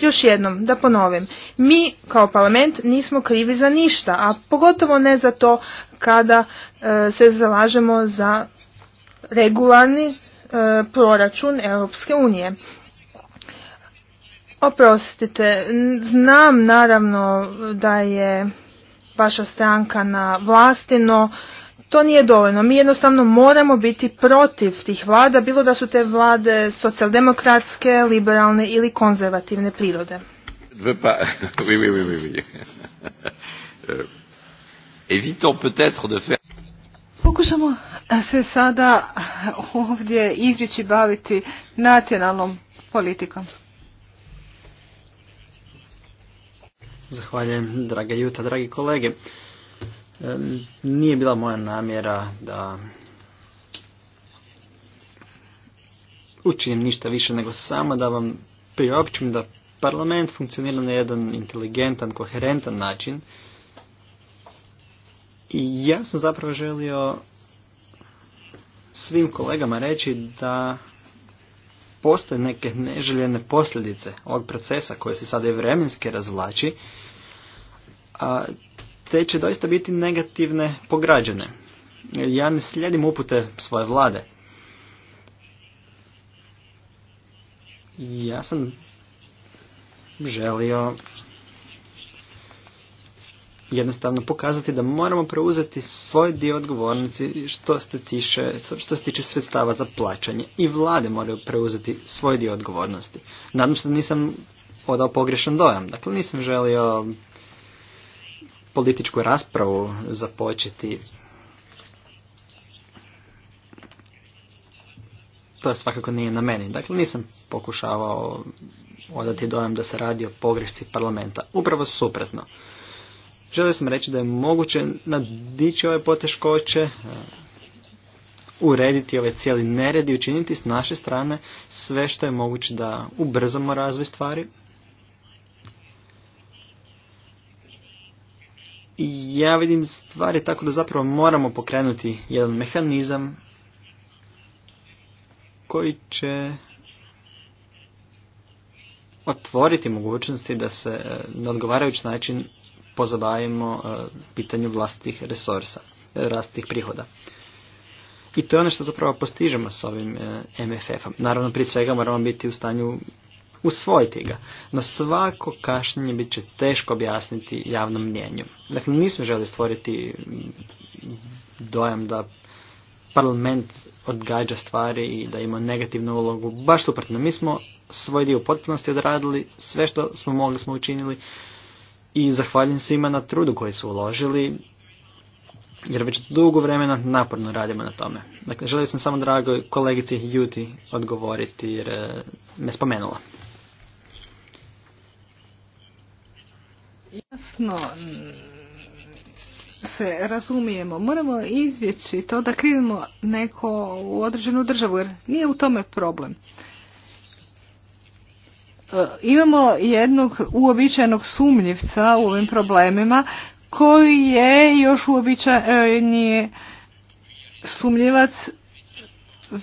Još jednom, da ponovim, mi kao parlament nismo krivi za ništa, a pogotovo ne za to kada e, se zalažemo za regularni e, proračun Europske unije. Oprostite, znam naravno da je vaša stranka na vlasti, no to nije dovoljno. Mi jednostavno moramo biti protiv tih vlada, bilo da su te vlade socijaldemokratske, liberalne ili konzervativne prirode. Pokušamo se sada ovdje izvjeći baviti nacionalnom politikom. Zahvaljujem, draga Juta, dragi kolege. Nije bila moja namjera da učinim ništa više nego samo da vam priopćim da parlament funkcionira na jedan inteligentan, koherentan način. I ja sam zapravo želio svim kolegama reći da postoje neke neželjene posljedice ovog procesa koje se sada i vremenski razvlači. A te će doista biti negativne pograđene. Ja ne slijedim upute svoje vlade. Ja sam želio jednostavno pokazati da moramo preuzeti svoj dio odgovornosti što se, tiše, što se tiče sredstava za plaćanje. I vlade moraju preuzeti svoj dio odgovornosti. Nadam se da nisam odao pogrešan dojam. Dakle, nisam želio političku raspravu započeti. To svakako nije na meni. Dakle, nisam pokušavao odati dojam da se radi o pogrešci parlamenta. Upravo suprotno. Želio sam reći da je moguće nadići ove poteškoće, eh, urediti ovaj cijeli nered i učiniti s naše strane sve što je moguće da ubrzamo razvoj stvari. ja vidim stvari tako da zapravo moramo pokrenuti jedan mehanizam koji će otvoriti mogućnosti da se e, na odgovarajući način pozabavimo e, pitanju vlastitih resursa, rastih e, prihoda. I to je ono što zapravo postižemo s ovim MFF-om. Naravno, prije svega moramo biti u stanju usvojiti ga. Na svako kašnjenje bit će teško objasniti javnom mnjenju. Dakle, nismo želi stvoriti mm, dojam da parlament odgađa stvari i da ima negativnu ulogu. Baš suprotno, mi smo svoj dio u potpunosti odradili, sve što smo mogli smo učinili i zahvaljujem svima na trudu koji su uložili jer već dugo vremena naporno radimo na tome. Dakle, želio sam samo dragoj kolegici Juti odgovoriti jer eh, me spomenula. jasno mm, se razumijemo. Moramo izvjeći to da krivimo neko u određenu državu, jer nije u tome problem. E, imamo jednog uobičajenog sumnjivca u ovim problemima koji je još uobičajeni sumnjivac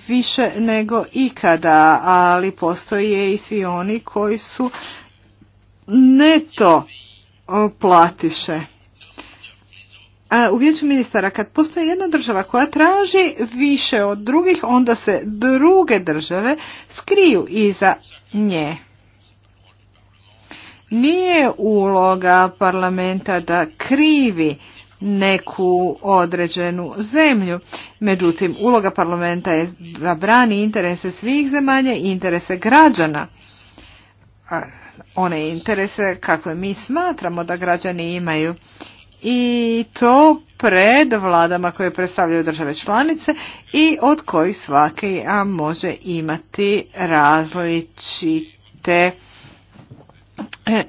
više nego ikada, ali postoje i svi oni koji su neto platiše. u vijeću ministara kad postoji jedna država koja traži više od drugih, onda se druge države skriju iza nje. Nije uloga parlamenta da krivi neku određenu zemlju. Međutim, uloga parlamenta je da brani interese svih zemalja i interese građana one interese kakve mi smatramo da građani imaju i to pred vladama koje predstavljaju države članice i od kojih svaki a može imati različite e,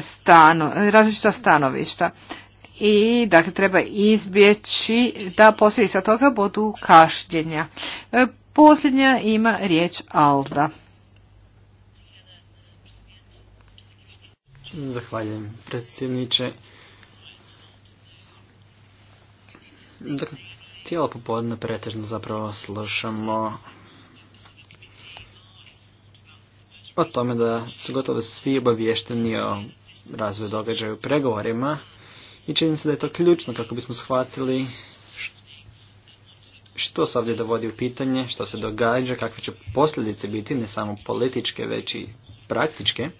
stano, različita stanovišta. I dakle treba izbjeći da posljedica toga budu kašljenja. E, posljednja ima riječ Alda. Zahvaljujem predsjedniče. Dakle, cijelo popodne pretežno zapravo slušamo o tome da su gotovo svi obavješteni o razvoju događaja u pregovorima i čini se da je to ključno kako bismo shvatili što se ovdje dovodi u pitanje, što se događa, kakve će posljedice biti, ne samo političke, već i praktičke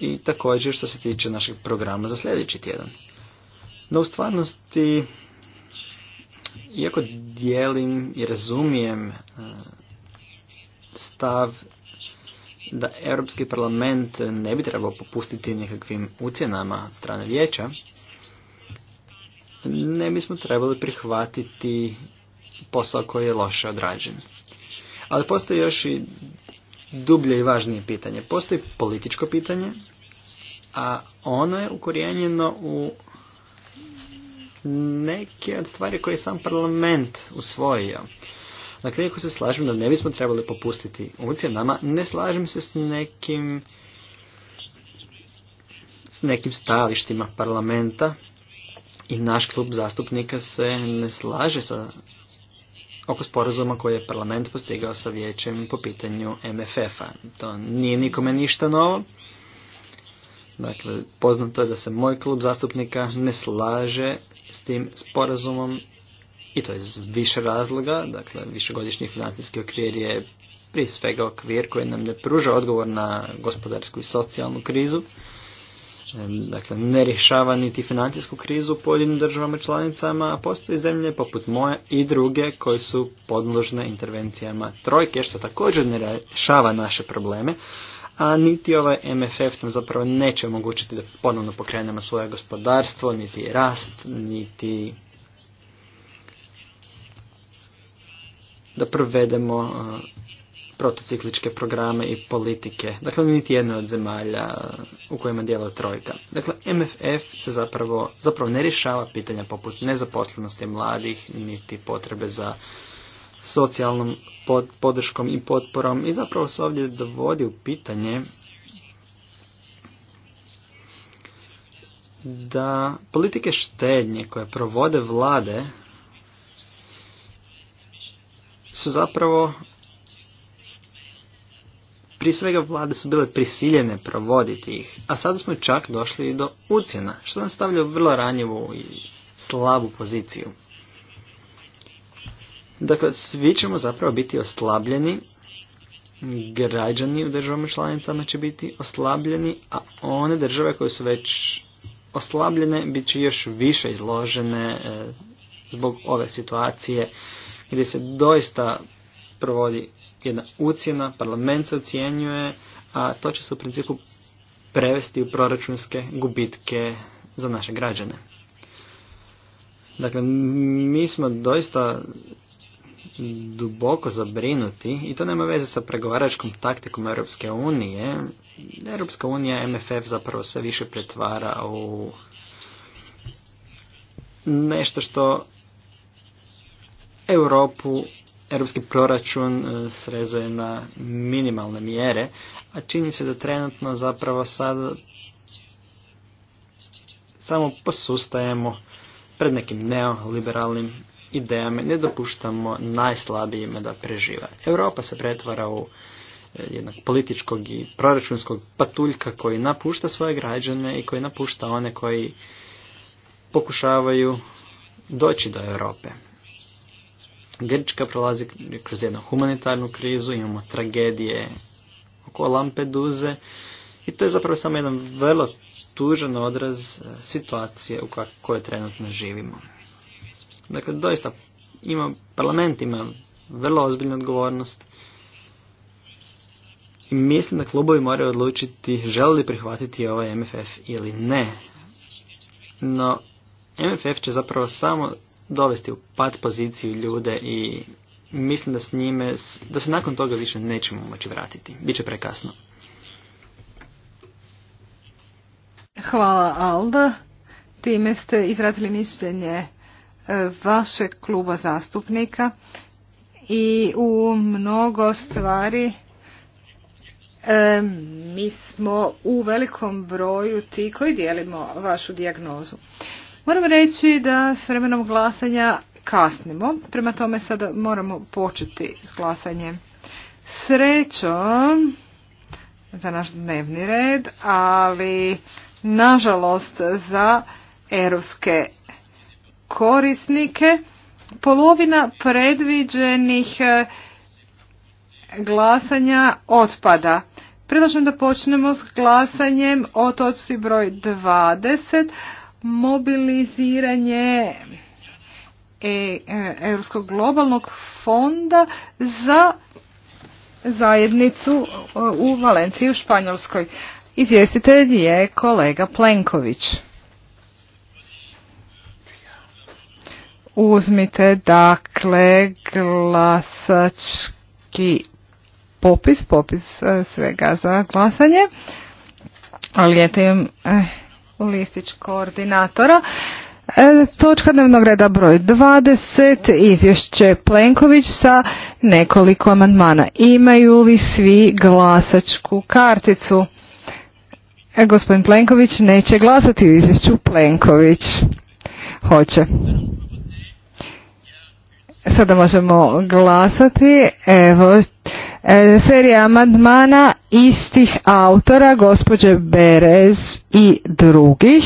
i također što se tiče našeg programa za sljedeći tjedan. No u stvarnosti, iako dijelim i razumijem e, stav da Europski parlament ne bi trebao popustiti nekakvim ucjenama strane vijeća, ne bismo trebali prihvatiti posao koji je loše odrađen. Ali postoji još i dublje i važnije pitanje. Postoji političko pitanje, a ono je ukorijenjeno u neke od stvari koje je sam parlament usvojio. Dakle, ako se slažem da ne bismo trebali popustiti nama, ne slažem se s nekim s nekim stajalištima parlamenta i naš klub zastupnika se ne slaže sa oko sporazuma koji je parlament postigao sa vijećem po pitanju MFF-a. To nije nikome ništa novo. Dakle, poznato je da se moj klub zastupnika ne slaže s tim sporazumom i to iz više razloga. Dakle, višegodišnji financijski okvir je prije svega okvir koji nam ne pruža odgovor na gospodarsku i socijalnu krizu dakle, ne rješava niti financijsku krizu u pojedinim državama članicama, a postoji zemlje poput moje i druge koje su podložne intervencijama trojke, što također ne rješava naše probleme, a niti ovaj MFF nam zapravo neće omogućiti da ponovno pokrenemo svoje gospodarstvo, niti rast, niti da provedemo protocikličke programe i politike. Dakle, niti jedna od zemalja u kojima dijela trojka. Dakle, MFF se zapravo, zapravo ne rješava pitanja poput nezaposlenosti mladih, niti potrebe za socijalnom podrškom i potporom i zapravo se ovdje dovodi u pitanje da politike štednje koje provode vlade su zapravo prije svega vlade su bile prisiljene provoditi ih, a sada smo čak došli i do ucjena, što nas stavlja u vrlo ranjivu i slabu poziciju. Dakle, svi ćemo zapravo biti oslabljeni, građani u državama članicama će biti oslabljeni, a one države koje su već oslabljene bit će još više izložene e, zbog ove situacije gdje se doista provodi jedna ucjena, parlament se ocjenjuje, a to će se u principu prevesti u proračunske gubitke za naše građane. Dakle, mi smo doista duboko zabrinuti i to nema veze sa pregovaračkom taktikom Europske unije. Europska unija MFF zapravo sve više pretvara u nešto što Europu europski proračun e, srezuje na minimalne mjere, a čini se da trenutno zapravo sad samo posustajemo pred nekim neoliberalnim idejama, ne dopuštamo najslabijima da prežive. Europa se pretvara u e, jednog političkog i proračunskog patuljka koji napušta svoje građane i koji napušta one koji pokušavaju doći do Europe. Grčka prolazi kroz jednu humanitarnu krizu, imamo tragedije oko Lampeduze i to je zapravo samo jedan vrlo tužan odraz e, situacije u kojoj trenutno živimo. Dakle, doista ima, parlament ima vrlo ozbiljnu odgovornost i mislim da klubovi moraju odlučiti žele li prihvatiti ovaj MFF ili ne. No, MFF će zapravo samo dovesti u pad poziciju ljude i mislim da s njime, da se nakon toga više nećemo moći vratiti. Biće prekasno. Hvala Alda. Time ste izrazili mišljenje e, vašeg kluba zastupnika i u mnogo stvari e, mi smo u velikom broju ti koji dijelimo vašu dijagnozu. Moram reći da s vremenom glasanja kasnimo, prema tome sada moramo početi s glasanjem. Srećom za naš dnevni red, ali nažalost za europske korisnike polovina predviđenih e, glasanja otpada. Predlažem da počnemo s glasanjem o točci broj 20, mobiliziranje e, e, Europskog globalnog fonda za zajednicu e, u Valenciji u Španjolskoj. Izvjestitelj je kolega Plenković. Uzmite dakle glasački popis, popis svega za glasanje. Ali eto eh, listić koordinatora. E, točka dnevnog reda broj 20, izvješće Plenković sa nekoliko amandmana. Imaju li svi glasačku karticu? E, gospodin Plenković neće glasati u izvješću Plenković. Hoće. Sada možemo glasati. Evo, e, serija amandmana istih autora, gospođe Berez i drugih,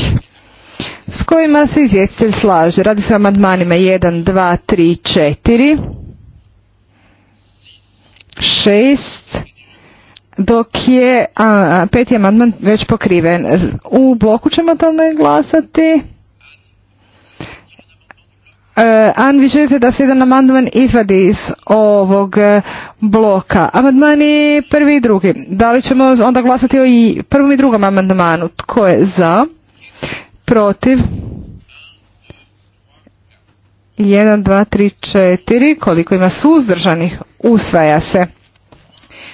s kojima se izvjestitelj slaže. Radi se o amandmanima 1, 2, 3, 4, 6, dok je a, peti amandman već pokriven. U bloku ćemo tome glasati. Eh, An, vi želite da se jedan amandman izvadi iz ovog eh, bloka. Amandmani prvi i drugi. Da li ćemo onda glasati o i prvom i drugom amandmanu? Tko je za? Protiv? 1, 2, 3, 4. Koliko ima suzdržanih? Usvaja se.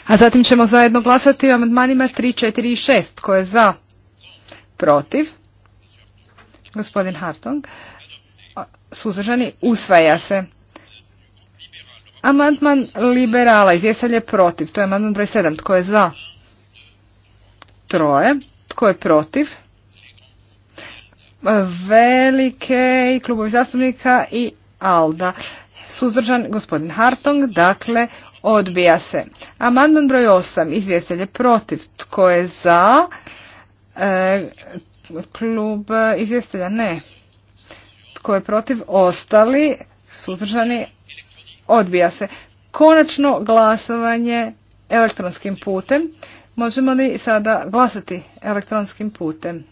A zatim ćemo zajedno glasati o amandmanima 3, 4 i 6. Tko je za? Protiv? Gospodin Hartong suzdržani, usvaja se. Amandman liberala, izvjestelj je protiv, to je amandman broj 7, tko je za? Troje, tko je protiv? Velike i klubovi zastupnika i Alda. Suzdržan gospodin Hartong, dakle odbija se. Amandman broj 8, izvjestelj je protiv, tko je za? E, klub izvjestelja ne. Tko je protiv? Ostali. Suzdržani? Odbija se. Konačno glasovanje elektronskim putem. Možemo li sada glasati elektronskim putem?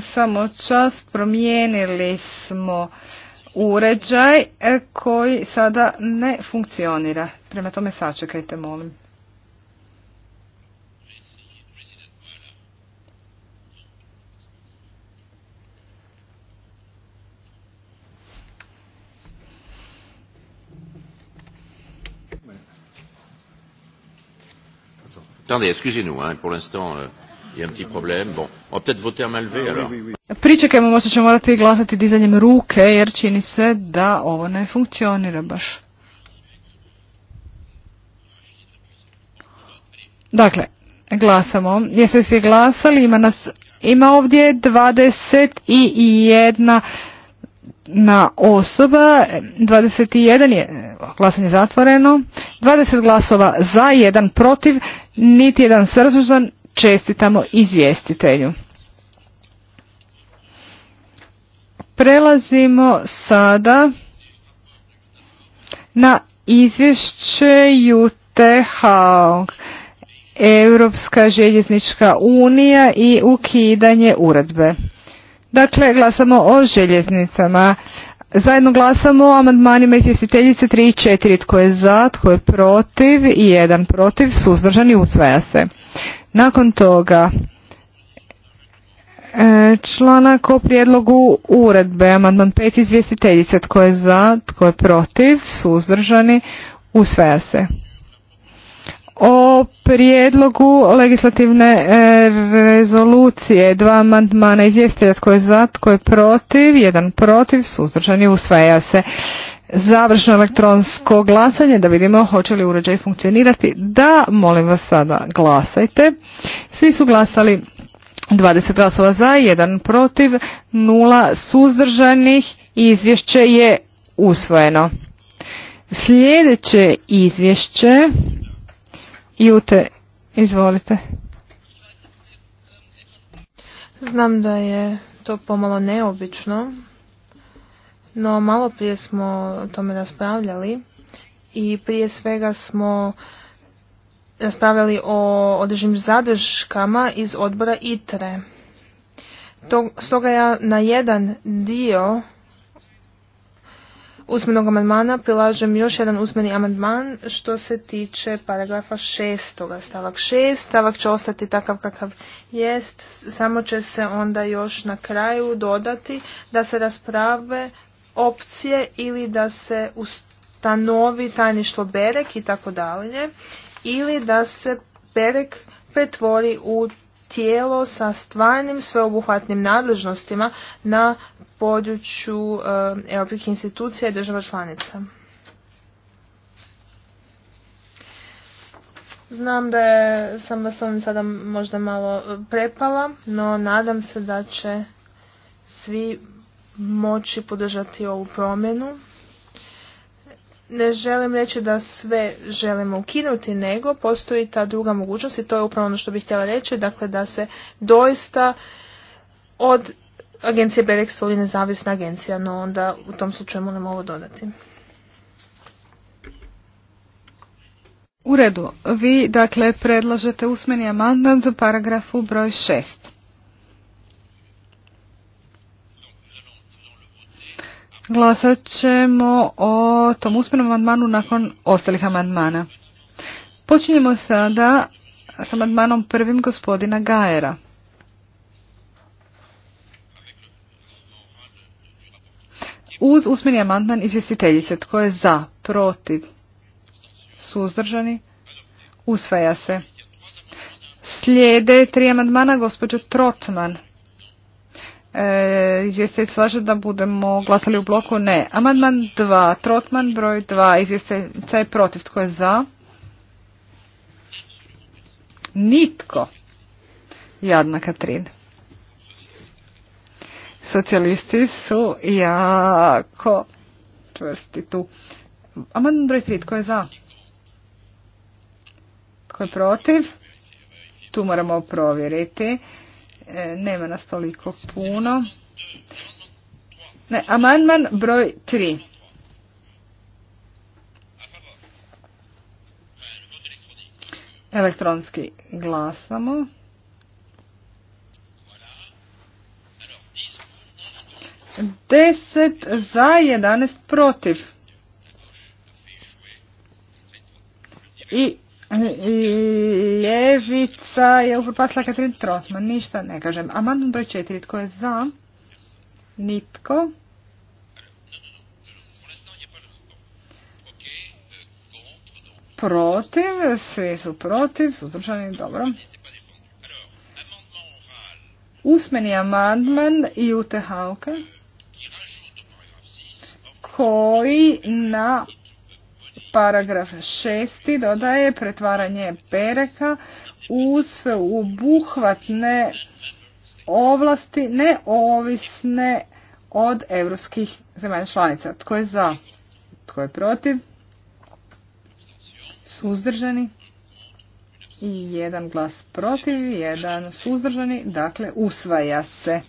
Samo čas promijenili smo uređaj koji sada ne funkcionira. Prema tome sačekajte, molim. Attendez, excusez-nous, hein, pour l'instant, euh, il y a un petit problème. Bon, on va peut-être voter à main levée, alors. Pričekajmo, možda ćemo morati glasati dizanjem ruke, jer čini se da ovo ne funkcionira baš. Dakle, glasamo. Jeste se glasali? Ima nas ima ovdje 21 na osoba, 21 je glasanje zatvoreno, 20 glasova za, jedan protiv, niti jedan srzuzan čestitamo izvjestitelju. Prelazimo sada na izvješće Jute Europska željeznička unija i ukidanje uredbe. Dakle, glasamo o željeznicama. Zajedno glasamo o amandmanima izvjestiteljice 3 i 4. Tko je za, tko je protiv i jedan protiv, suzdržani usvaja se. Nakon toga e, članak o prijedlogu uredbe, amandman 5 izvjestiteljice. Tko je za, tko je protiv, suzdržani, usvaja se o prijedlogu legislativne e, rezolucije. Dva amandmana izvjestitelja tko je za, tko je protiv, jedan protiv, suzdržani usvaja se. Završno elektronsko glasanje da vidimo hoće li uređaj funkcionirati. Da, molim vas sada glasajte. Svi su glasali 20 glasova za, jedan protiv, nula suzdržanih. Izvješće je usvojeno. Sljedeće izvješće Jute, izvolite. Znam da je to pomalo neobično, no malo prije smo o tome raspravljali i prije svega smo raspravljali o određenim zadrškama iz odbora ITRE. stoga ja na jedan dio usmenog amandmana prilažem još jedan usmeni amandman što se tiče paragrafa šestoga, stavak šest. Stavak će ostati takav kakav jest, samo će se onda još na kraju dodati da se rasprave opcije ili da se ustanovi tajništvo berek i tako dalje ili da se berek pretvori u tijelo sa stvarnim sveobuhvatnim nadležnostima na području eh, europskih institucija i država članica. Znam da je, sam vas ovim sada možda malo eh, prepala, no nadam se da će svi moći podržati ovu promjenu. Ne želim reći da sve želimo ukinuti, nego postoji ta druga mogućnost i to je upravo ono što bih htjela reći, dakle da se doista od Agencija Berex ovdje nezavisna agencija, no onda u tom slučaju moram ovo dodati. U redu, vi dakle predlažete usmeni amandman za paragrafu broj 6. Glasat ćemo o tom usmenom amandmanu nakon ostalih amandmana. Počinjemo sada s amandmanom prvim gospodina Gajera. uz usmeni amandman izvjestiteljice. Tko je za? Protiv? Suzdržani? Usvaja se. Slijede tri amandmana gospođo Trotman. E, izvjestitelj slaže da budemo glasali u bloku? Ne. Amandman 2. Trotman broj dva. Izvjestiteljica je protiv. Tko je za? Nitko. Jadna Katrin socijalisti su jako čvrsti tu. Amandman broj tri, tko je za? Tko je protiv? Tu moramo provjeriti. E, nema nas toliko puno. Ne, amandman broj tri. Elektronski glasamo. 10 za 11 protiv. I ljevica je upropasla Katrin Trotman. Ništa ne kažem. Amandman broj 4. Tko je za? Nitko. Protiv. Svi su protiv. Suzdržani. Dobro. Usmeni amandman i UT Hauke koji na paragraf 6. dodaje pretvaranje pereka u sve ubuhvatne ovlasti neovisne od europskih zemalja članica. Tko je za? Tko je protiv? Suzdržani? I jedan glas protiv, jedan suzdržani, dakle usvaja se.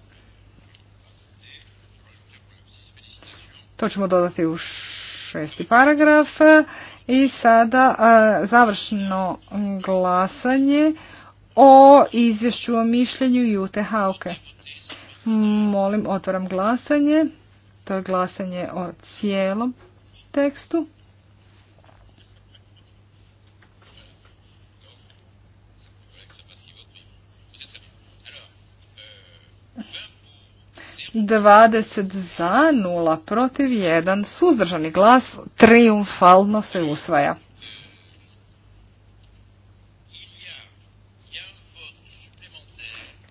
To ćemo dodati u šesti paragraf. I sada završno glasanje o izvješću o mišljenju Jute Hauke. Molim, otvaram glasanje. To je glasanje o cijelom tekstu. 20 za, 0 protiv, 1 suzdržani glas triumfalno se usvaja.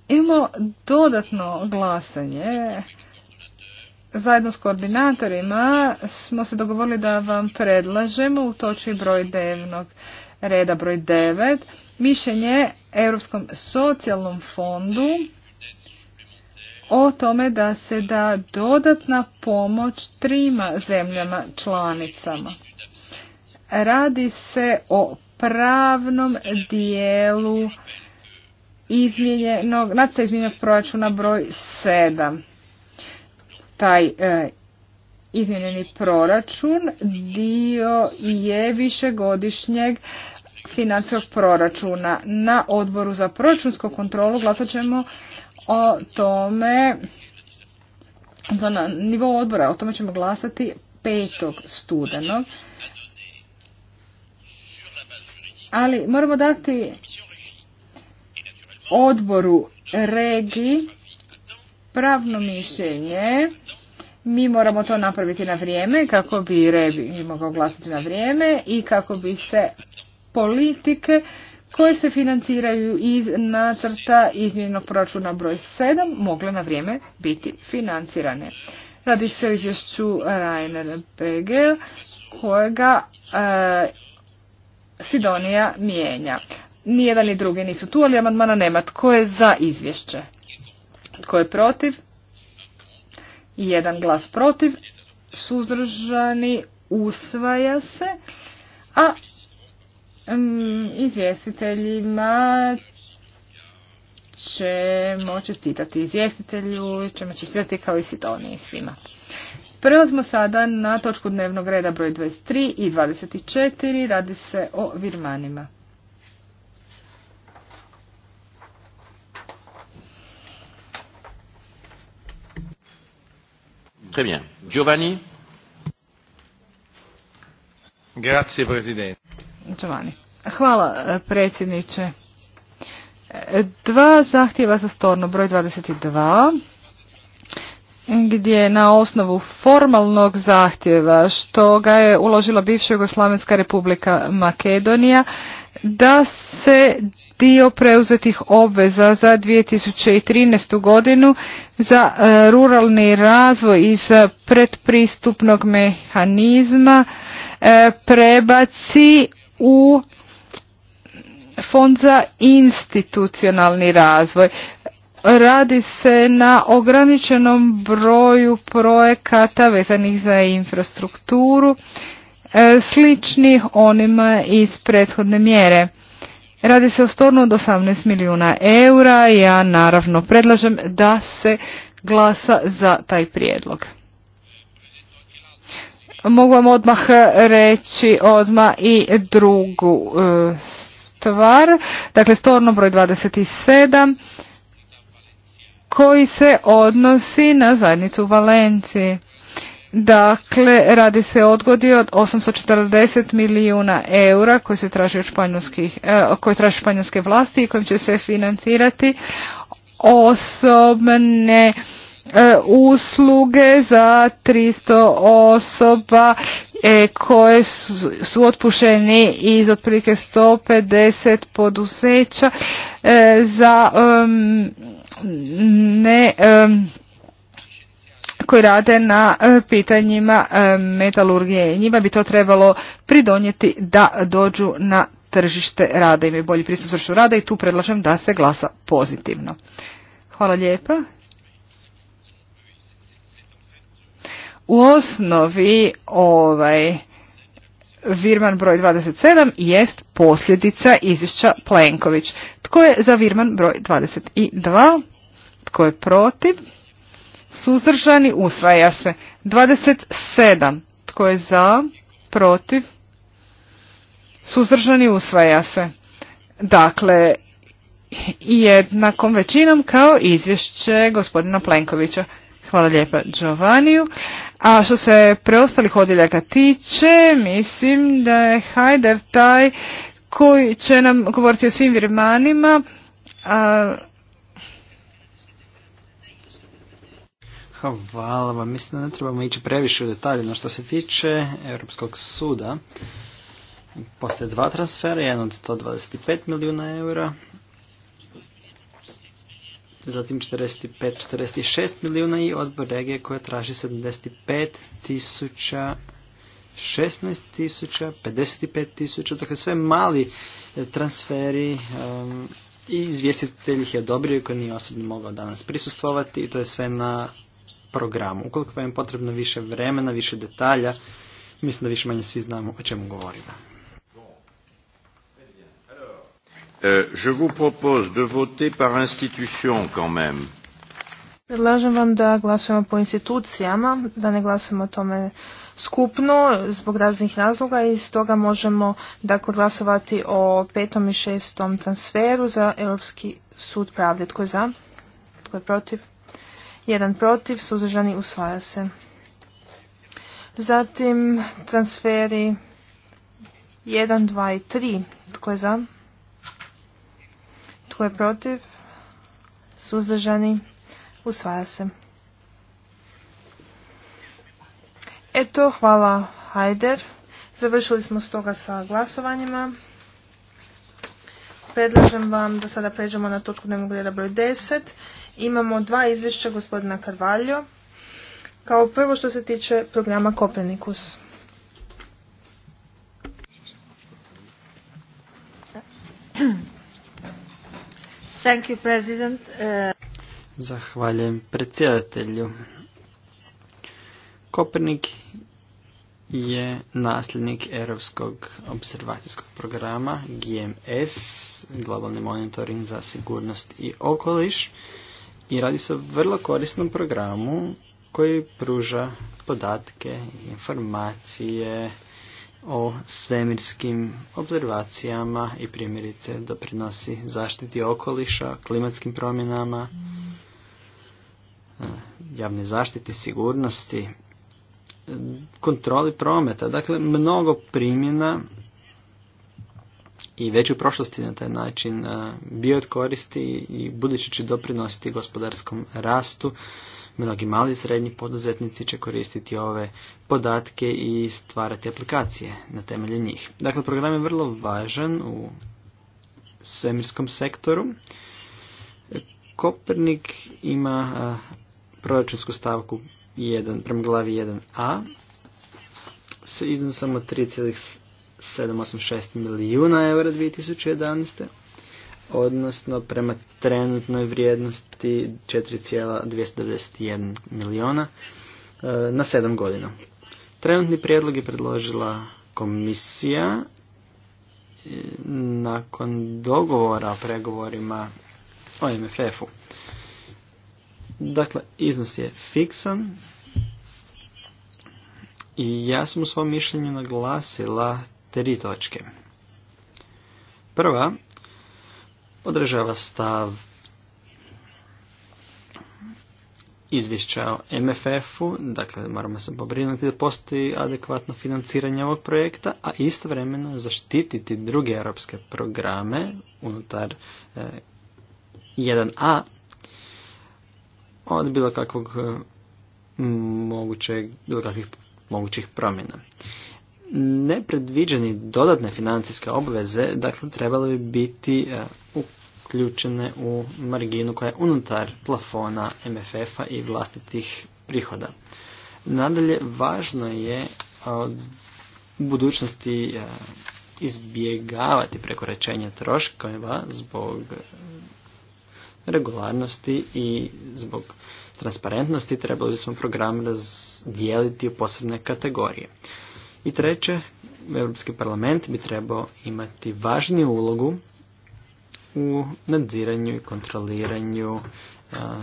Imamo dodatno glasanje. Zajedno s koordinatorima smo se dogovorili da vam predlažemo u točki broj devnog reda broj 9 mišljenje Europskom socijalnom fondu o tome da se da dodatna pomoć trima zemljama članicama. Radi se o pravnom dijelu izmijenjenog, nacrta proračuna broj 7. Taj e, izmijenjeni proračun dio je višegodišnjeg financijog proračuna. Na odboru za proračunsku kontrolu glasat ćemo o tome na nivou odbora, o tome ćemo glasati 5. studenog. Ali moramo dati odboru regi pravno mišljenje. Mi moramo to napraviti na vrijeme kako bi Rebi mogao glasati na vrijeme i kako bi se politike koje se financiraju iz nacrta izmjenog proračuna broj 7 mogle na vrijeme biti financirane. Radi se o izvješću Rainer Begel, kojega e, Sidonija mijenja. Nijedan ni drugi nisu tu, ali amandmana nema. Tko je za izvješće? Tko je protiv? Jedan glas protiv. Suzdržani usvaja se. A Mm, izvjestiteljima ćemo čestitati izvjestitelju, ćemo čestitati kao i Sidoni i svima. Prelazimo sada na točku dnevnog reda broj 23 i 24, radi se o virmanima. Très bien. Giovanni. Grazie, Presidente. Giovanni. Hvala e, predsjedniče. E, dva zahtjeva za storno, broj 22, gdje na osnovu formalnog zahtjeva što ga je uložila bivša Jugoslavenska republika Makedonija, da se dio preuzetih obveza za 2013. godinu za e, ruralni razvoj iz predpristupnog mehanizma prebaci u fond za institucionalni razvoj. Radi se na ograničenom broju projekata vezanih za infrastrukturu, e, sličnih onima iz prethodne mjere. Radi se o stornu od 18 milijuna eura. Ja naravno predlažem da se glasa za taj prijedlog. Mogu vam odmah reći odmah i drugu e, stvar. Dakle, storno broj 27 koji se odnosi na zajednicu u Dakle, radi se odgodi od 840 milijuna eura koji se traži od španjolskih, e, koji traži španjolske vlasti i kojim će se financirati osobne E, usluge za 300 osoba e, koje su, su otpušeni iz otprilike 150 poduzeća e, za ne koji rade na pitanjima metalurgije. Njima bi to trebalo pridonijeti da dođu na tržište rada, imaju bolji pristup tržištu rada i tu predlažem da se glasa pozitivno. Hvala lijepa. U osnovi ovaj Virman broj 27 jest posljedica izvješća Plenković. Tko je za Virman broj 22? Tko je protiv? Suzdržani usvaja se. 27. Tko je za? Protiv? Suzdržani usvaja se. Dakle, jednakom većinom kao izvješće gospodina Plenkovića. Hvala lijepa Giovaniju. A što se preostalih odjeljaka tiče, mislim da je Hajder taj koji će nam govoriti o svim virmanima. Hvala vam. Mislim da ne trebamo ići previše u detalje. No što se tiče Europskog suda, postoje dva transfera, jedan od 125 milijuna eura zatim 45-46 milijuna i odbor regije koja traži 75 tisuća 16 tisuća, 55 tisuća, dakle sve mali e, transferi i izvjestitelj ih je odobrio koji nije osobno mogao danas prisustvovati i to je sve na programu. Ukoliko vam je potrebno više vremena, više detalja, mislim da više manje svi znamo o čemu govorimo. Euh, je vous propose de voter par institution quand même. Predlažem vam da glasujemo po institucijama, da ne glasujemo o tome skupno zbog raznih razloga i stoga možemo dakle glasovati o petom i šestom transferu za Europski sud pravde. Tko je za? Tko je protiv? Jedan protiv, suzdržani usvaja se. Zatim transferi 1, 2 i 3. Tko je za? Tko je protiv? Suzdržani? Usvaja se. Eto, hvala Hajder. Završili smo stoga sa glasovanjima. Predlažem vam da sada pređemo na točku dnevnog reda broj 10. Imamo dva izvješća gospodina Karvaljo. Kao prvo što se tiče programa Kopernikus. Thank you, President. Uh, Zahvaljujem predsjedatelju. Kopernik je nasljednik Europskog observacijskog programa GMS, Globalni monitoring za sigurnost i okoliš, i radi se o vrlo korisnom programu koji pruža podatke, informacije, o svemirskim observacijama i primjerice doprinosi zaštiti okoliša, klimatskim promjenama, e, javne zaštiti, sigurnosti, kontroli prometa. Dakle, mnogo primjena i već u prošlosti na taj način e, bio od koristi i budući će doprinositi gospodarskom rastu Mnogi mali i srednji poduzetnici će koristiti ove podatke i stvarati aplikacije na temelju njih. Dakle, program je vrlo važan u svemirskom sektoru. Kopernik ima proračunsku stavku 1, prema glavi 1a s iznosom od 3,786 milijuna eura 2011 odnosno prema trenutnoj vrijednosti 4,291 miliona e, na 7 godina. Trenutni prijedlog je predložila komisija e, nakon dogovora o pregovorima o MFF-u. Dakle, iznos je fiksan i ja sam u svom mišljenju naglasila tri točke. Prva Održava stav izvješća o MFF-u, dakle moramo se pobrinuti da postoji adekvatno financiranje ovog projekta, a istovremeno zaštititi druge europske programe unutar e, eh, 1A od bilo kakvog eh, mogućeg, bilo kakvih mogućih promjena. Nepredviđeni dodatne financijske obveze, dakle, trebalo bi biti eh, u uključene u marginu koja je unutar plafona MFF-a i vlastitih prihoda. Nadalje, važno je u budućnosti izbjegavati prekoračenje troškova zbog regularnosti i zbog transparentnosti trebali smo program razdijeliti u posebne kategorije. I treće, Europski parlament bi trebao imati važniju ulogu u nadziranju i kontroliranju e,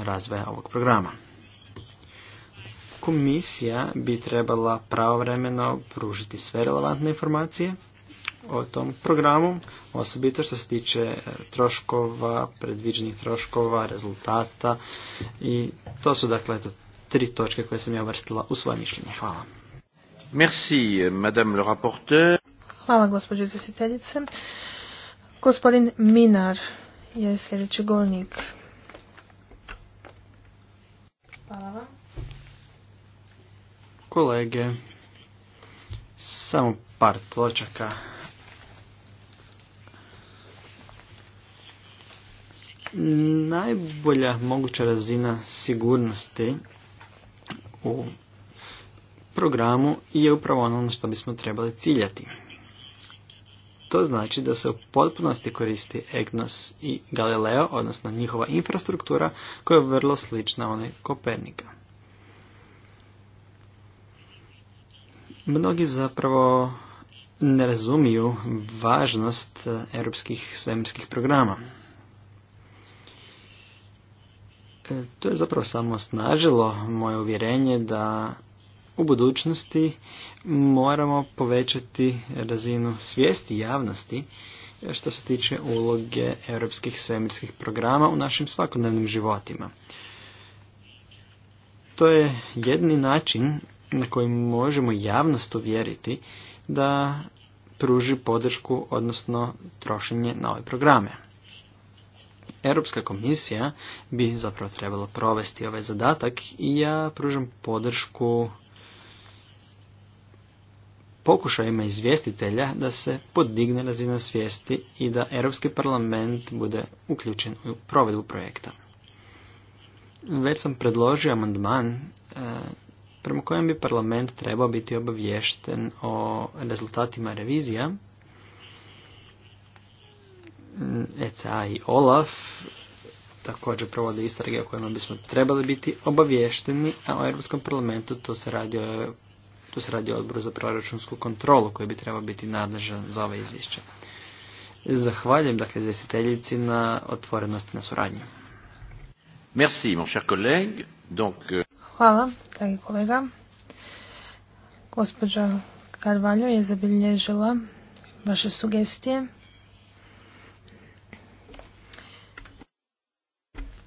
razvoja ovog programa. Komisija bi trebala pravovremeno pružiti sve relevantne informacije o tom programu, osobito što se tiče troškova, predviđenih troškova, rezultata i to su dakle to tri točke koje sam ja vrstila u svoje mišljenje. Hvala. Merci, madame le rapporteur. Hvala gospođo Gospodin Minar je sljedeći govornik. Hvala vam. Kolege, samo par točaka. Najbolja moguća razina sigurnosti u programu je upravo ono što bismo trebali ciljati. To znači da se u potpunosti koristi EGNOS i Galileo, odnosno njihova infrastruktura koja je vrlo slična onoj Kopernika. Mnogi zapravo ne razumiju važnost e, europskih svemirskih programa. E, to je zapravo samo snažilo moje uvjerenje da u budućnosti moramo povećati razinu svijesti javnosti što se tiče uloge europskih svemirskih programa u našim svakodnevnim životima. To je jedni način na koji možemo javnost uvjeriti da pruži podršku, odnosno trošenje na ove programe. Europska komisija bi zapravo trebala provesti ovaj zadatak i ja pružam podršku pokušajima izvjestitelja da se podigne razina svijesti i da Europski parlament bude uključen u provedbu projekta. Već sam predložio amandman e, prema kojem bi parlament trebao biti obaviješten o rezultatima revizija mm, ECA i OLAF također provode istrage o kojima bismo trebali biti obavješteni, a o Europskom parlamentu to se radi o tu se radi o odboru za proračunsku kontrolu koji bi trebao biti nadležan za ove izvješće. Zahvaljujem dakle izvjestiteljici na otvorenosti na suradnju. Merci, mon cher collègue. Donc... Euh, Hvala, dragi kolega. Gospođa Carvalho je zabilježila vaše sugestije.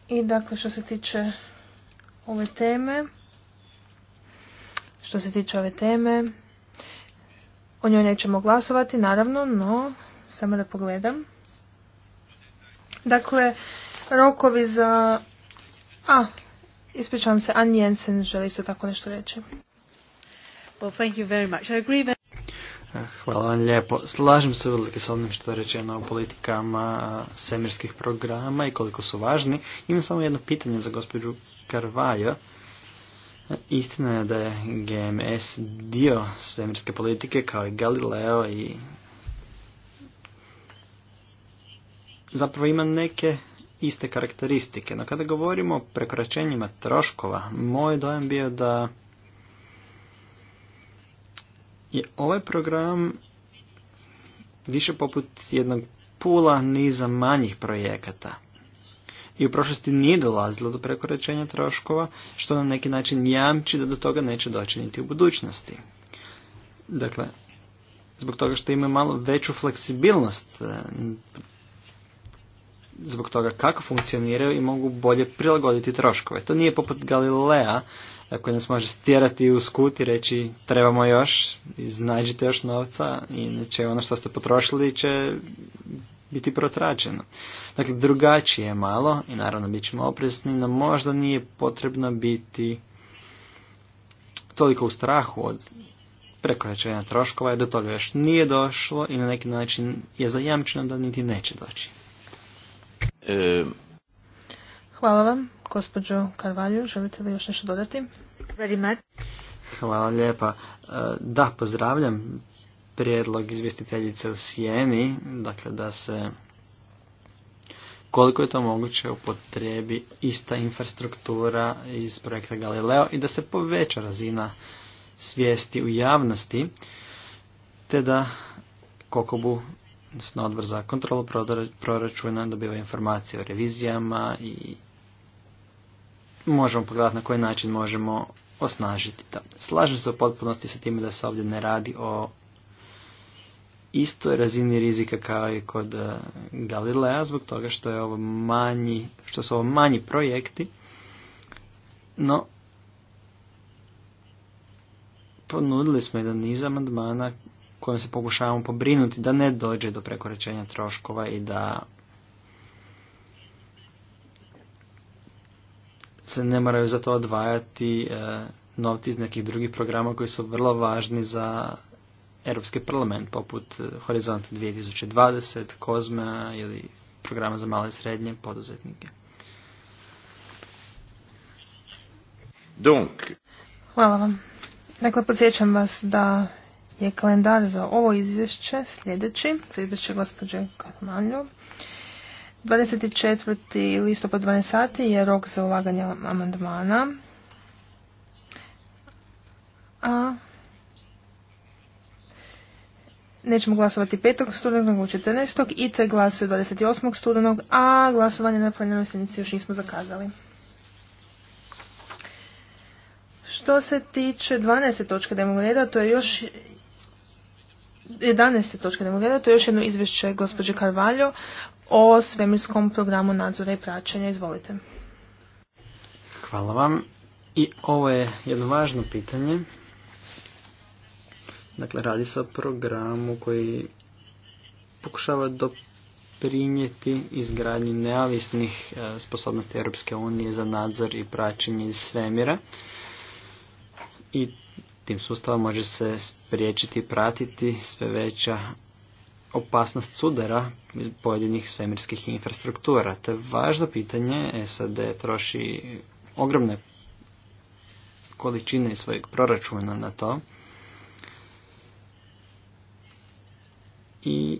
I dakle što se tiče ove teme, što se tiče ove teme. O njoj nećemo glasovati, naravno, no samo da pogledam. Dakle, rokovi za... A, ispričavam se, Ann Jensen želi isto tako nešto reći. Hvala vam lijepo. Slažem se velike s onim što je rečeno o politikama semirskih programa i koliko su važni. Imam samo jedno pitanje za gospođu Karvajo. Istina je da je GMS dio svemirske politike kao i Galileo i zapravo ima neke iste karakteristike. No kada govorimo o prekoračenjima troškova, moj dojam bio da je ovaj program više poput jednog pula niza manjih projekata i u prošlosti nije dolazilo do prekoračenja troškova, što na neki način jamči da do toga neće doći niti u budućnosti. Dakle, zbog toga što ima malo veću fleksibilnost, e, zbog toga kako funkcioniraju i mogu bolje prilagoditi troškove. To nije poput Galilea, e, koji nas može stjerati u skut i reći trebamo još, iznađite još novca, inače ono što ste potrošili će biti protračeno. Dakle, drugačije je malo i naravno bit ćemo opresni, no možda nije potrebno biti toliko u strahu od prekoračenja troškova jer do toga još nije došlo i na neki način je zajamčeno da niti neće doći. E... Hvala vam, gospođo Karvalju. Želite li još nešto dodati? Hvala lijepa. E, da, pozdravljam prijedlog izvjestiteljice u sjeni, dakle da se koliko je to moguće upotrebi ista infrastruktura iz projekta Galileo i da se poveća razina svijesti u javnosti, te da Kokobu odnosno odbor za kontrolu proračuna dobiva informacije o revizijama i možemo pogledati na koji način možemo osnažiti to. Slažem se u potpunosti sa time da se ovdje ne radi o istoj razini rizika kao i kod e, Galilea zbog toga što je ovo manji, što su ovo manji projekti. No, ponudili smo jedan niz amandmana kojim se pokušavamo pobrinuti da ne dođe do prekoračenja troškova i da se ne moraju za to odvajati e, novci iz nekih drugih programa koji su vrlo važni za Europski parlament poput eh, Horizont 2020, Kozma ili programa za male i srednje poduzetnike. Donc. Hvala vam. Dakle, podsjećam vas da je kalendar za ovo izvješće sljedeći, za izvješće gospođe Karmaljo. 24. listopad 12 sati je rok za ulaganje amandmana. A nećemo glasovati 5. studenog u 14. i te glasuju 28. studenog, a glasovanje na plenarnoj sjednici još nismo zakazali. Što se tiče 12. točke dnevnog reda, to je još 11. točka dnevnog reda, to je još jedno izvješće gospođe Carvalho o svemirskom programu nadzora i praćenja. Izvolite. Hvala vam. I ovo je jedno važno pitanje Dakle, radi se o programu koji pokušava doprinijeti izgradnji neavisnih e, sposobnosti Europske unije za nadzor i praćenje iz svemira. I tim sustavom može se spriječiti i pratiti sve veća opasnost sudara pojedinih svemirskih infrastruktura. Te važno pitanje SAD troši ogromne količine svojeg proračuna na to i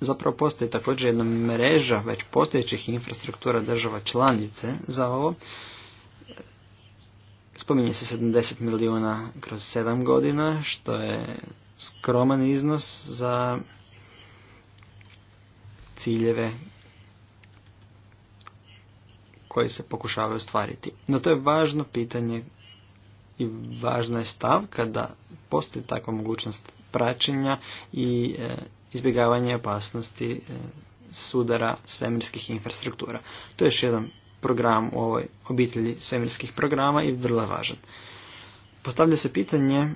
zapravo postoji također jedna mreža već postojećih infrastruktura država članice za ovo. Spominje se 70 milijuna kroz 7 godina, što je skroman iznos za ciljeve koji se pokušavaju ostvariti. No to je važno pitanje i važna je stavka da postoji takva mogućnost praćenja i e, izbjegavanje opasnosti e, sudara svemirskih infrastruktura. To je još jedan program u ovoj obitelji svemirskih programa i vrlo važan. Postavlja se pitanje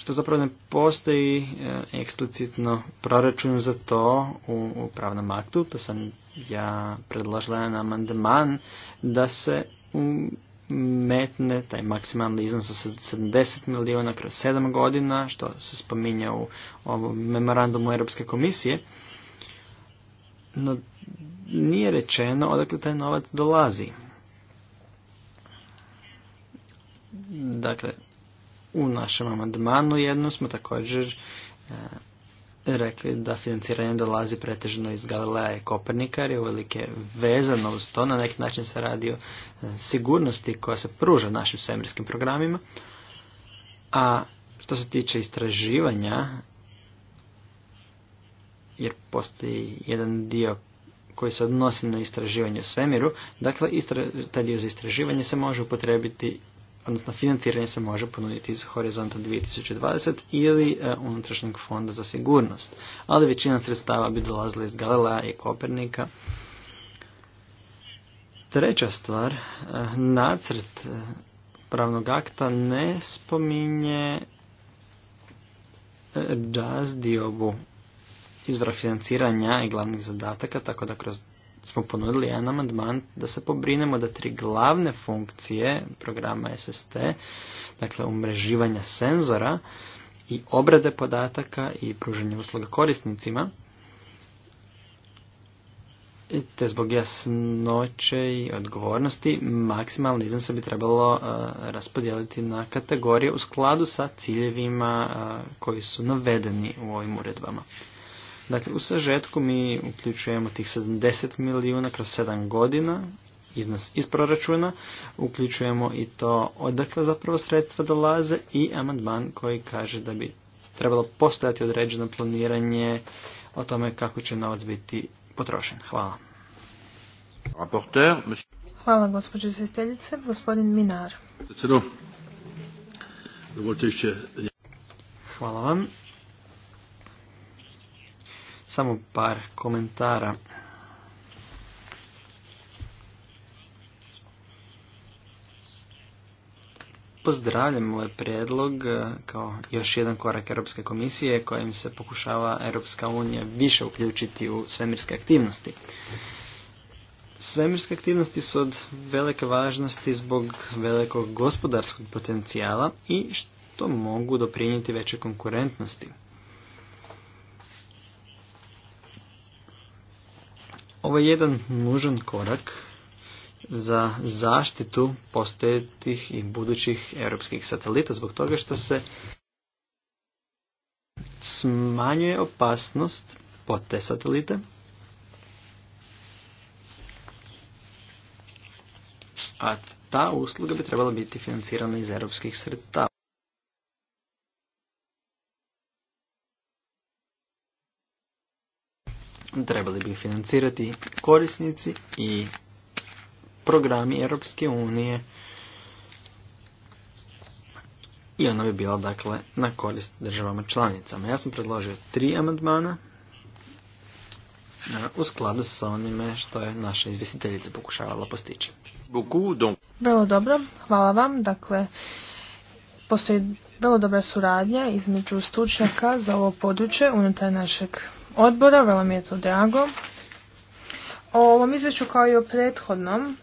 što zapravo ne postoji e, eksplicitno proračun za to u, pravnom aktu, pa sam ja predložila jedan amandman da se metne taj maksimalni iznos od 70 milijuna kroz 7 godina, što se spominja u ovom memorandumu Europske komisije, no nije rečeno odakle taj novac dolazi. Dakle, u našem amandmanu jednom smo također e, rekli da financiranje dolazi pretežno iz Galileja i Kopernika jer je uvelike vezano uz to. Na neki način se radi o e, sigurnosti koja se pruža našim svemirskim programima. A što se tiče istraživanja, jer postoji jedan dio koji se odnosi na istraživanje u svemiru, dakle taj dio za istraživanje se može upotrebiti odnosno financiranje se može ponuditi iz Horizonta 2020 ili e, unutrašnjeg fonda za sigurnost. Ali većina sredstava bi dolazila iz Galilea i Kopernika. Treća stvar, e, nacrt e, pravnog akta ne spominje razdiobu izvora financiranja i glavnih zadataka, tako da kroz smo ponudili jedan amandman da se pobrinemo da tri glavne funkcije programa SST, dakle umreživanja senzora i obrade podataka i pružanje usluga korisnicima, te zbog jasnoće i odgovornosti maksimalni iznos bi trebalo e, raspodijeliti na kategorije u skladu sa ciljevima e, koji su navedeni u ovim uredbama. Dakle, u sažetku mi uključujemo tih 70 milijuna kroz 7 godina iznos iz proračuna, uključujemo i to odakle zapravo sredstva dolaze i amandman koji kaže da bi trebalo postojati određeno planiranje o tome kako će novac biti potrošen. Hvala. Hvala gospođo izvjestiteljice. Gospodin Minar. Hvala vam. Samo par komentara. Pozdravljam ovaj prijedlog e, kao još jedan korak Europske komisije kojim se pokušava Europska unija više uključiti u svemirske aktivnosti. Svemirske aktivnosti su od velike važnosti zbog velikog gospodarskog potencijala i što mogu doprinijeti većoj konkurentnosti Ovo je jedan nužan korak za zaštitu postojetih i budućih europskih satelita zbog toga što se smanjuje opasnost po te satelite. A ta usluga bi trebala biti financirana iz europskih sredstava. trebali bi financirati korisnici i programi Europske unije i ona bi bila dakle na korist državama članicama. Ja sam predložio tri amandmana u skladu sa onime što je naša izvjestiteljica pokušavala postići. Vrlo dobro, hvala vam. Dakle, postoji vrlo dobra suradnja između stručnjaka za ovo područje unutar našeg odbora, vrlo mi je to drago. O ovom izvješću kao i o prethodnom,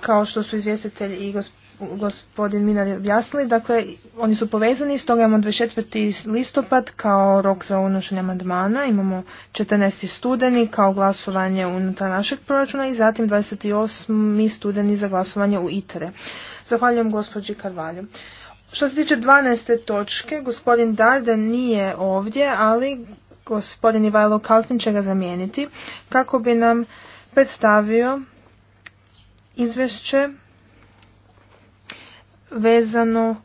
kao što su izvjestitelji i gospodin Minar objasnili, dakle, oni su povezani, stoga imamo 24. listopad kao rok za unošenje amandmana, imamo 14. studeni kao glasovanje unutar našeg proračuna i zatim 28. studeni za glasovanje u ITRE. Zahvaljujem gospođi Karvalju. Što se tiče 12. točke, gospodin Darden nije ovdje, ali gospodin Ivajlo Kalfin će ga zamijeniti kako bi nam predstavio izvješće vezano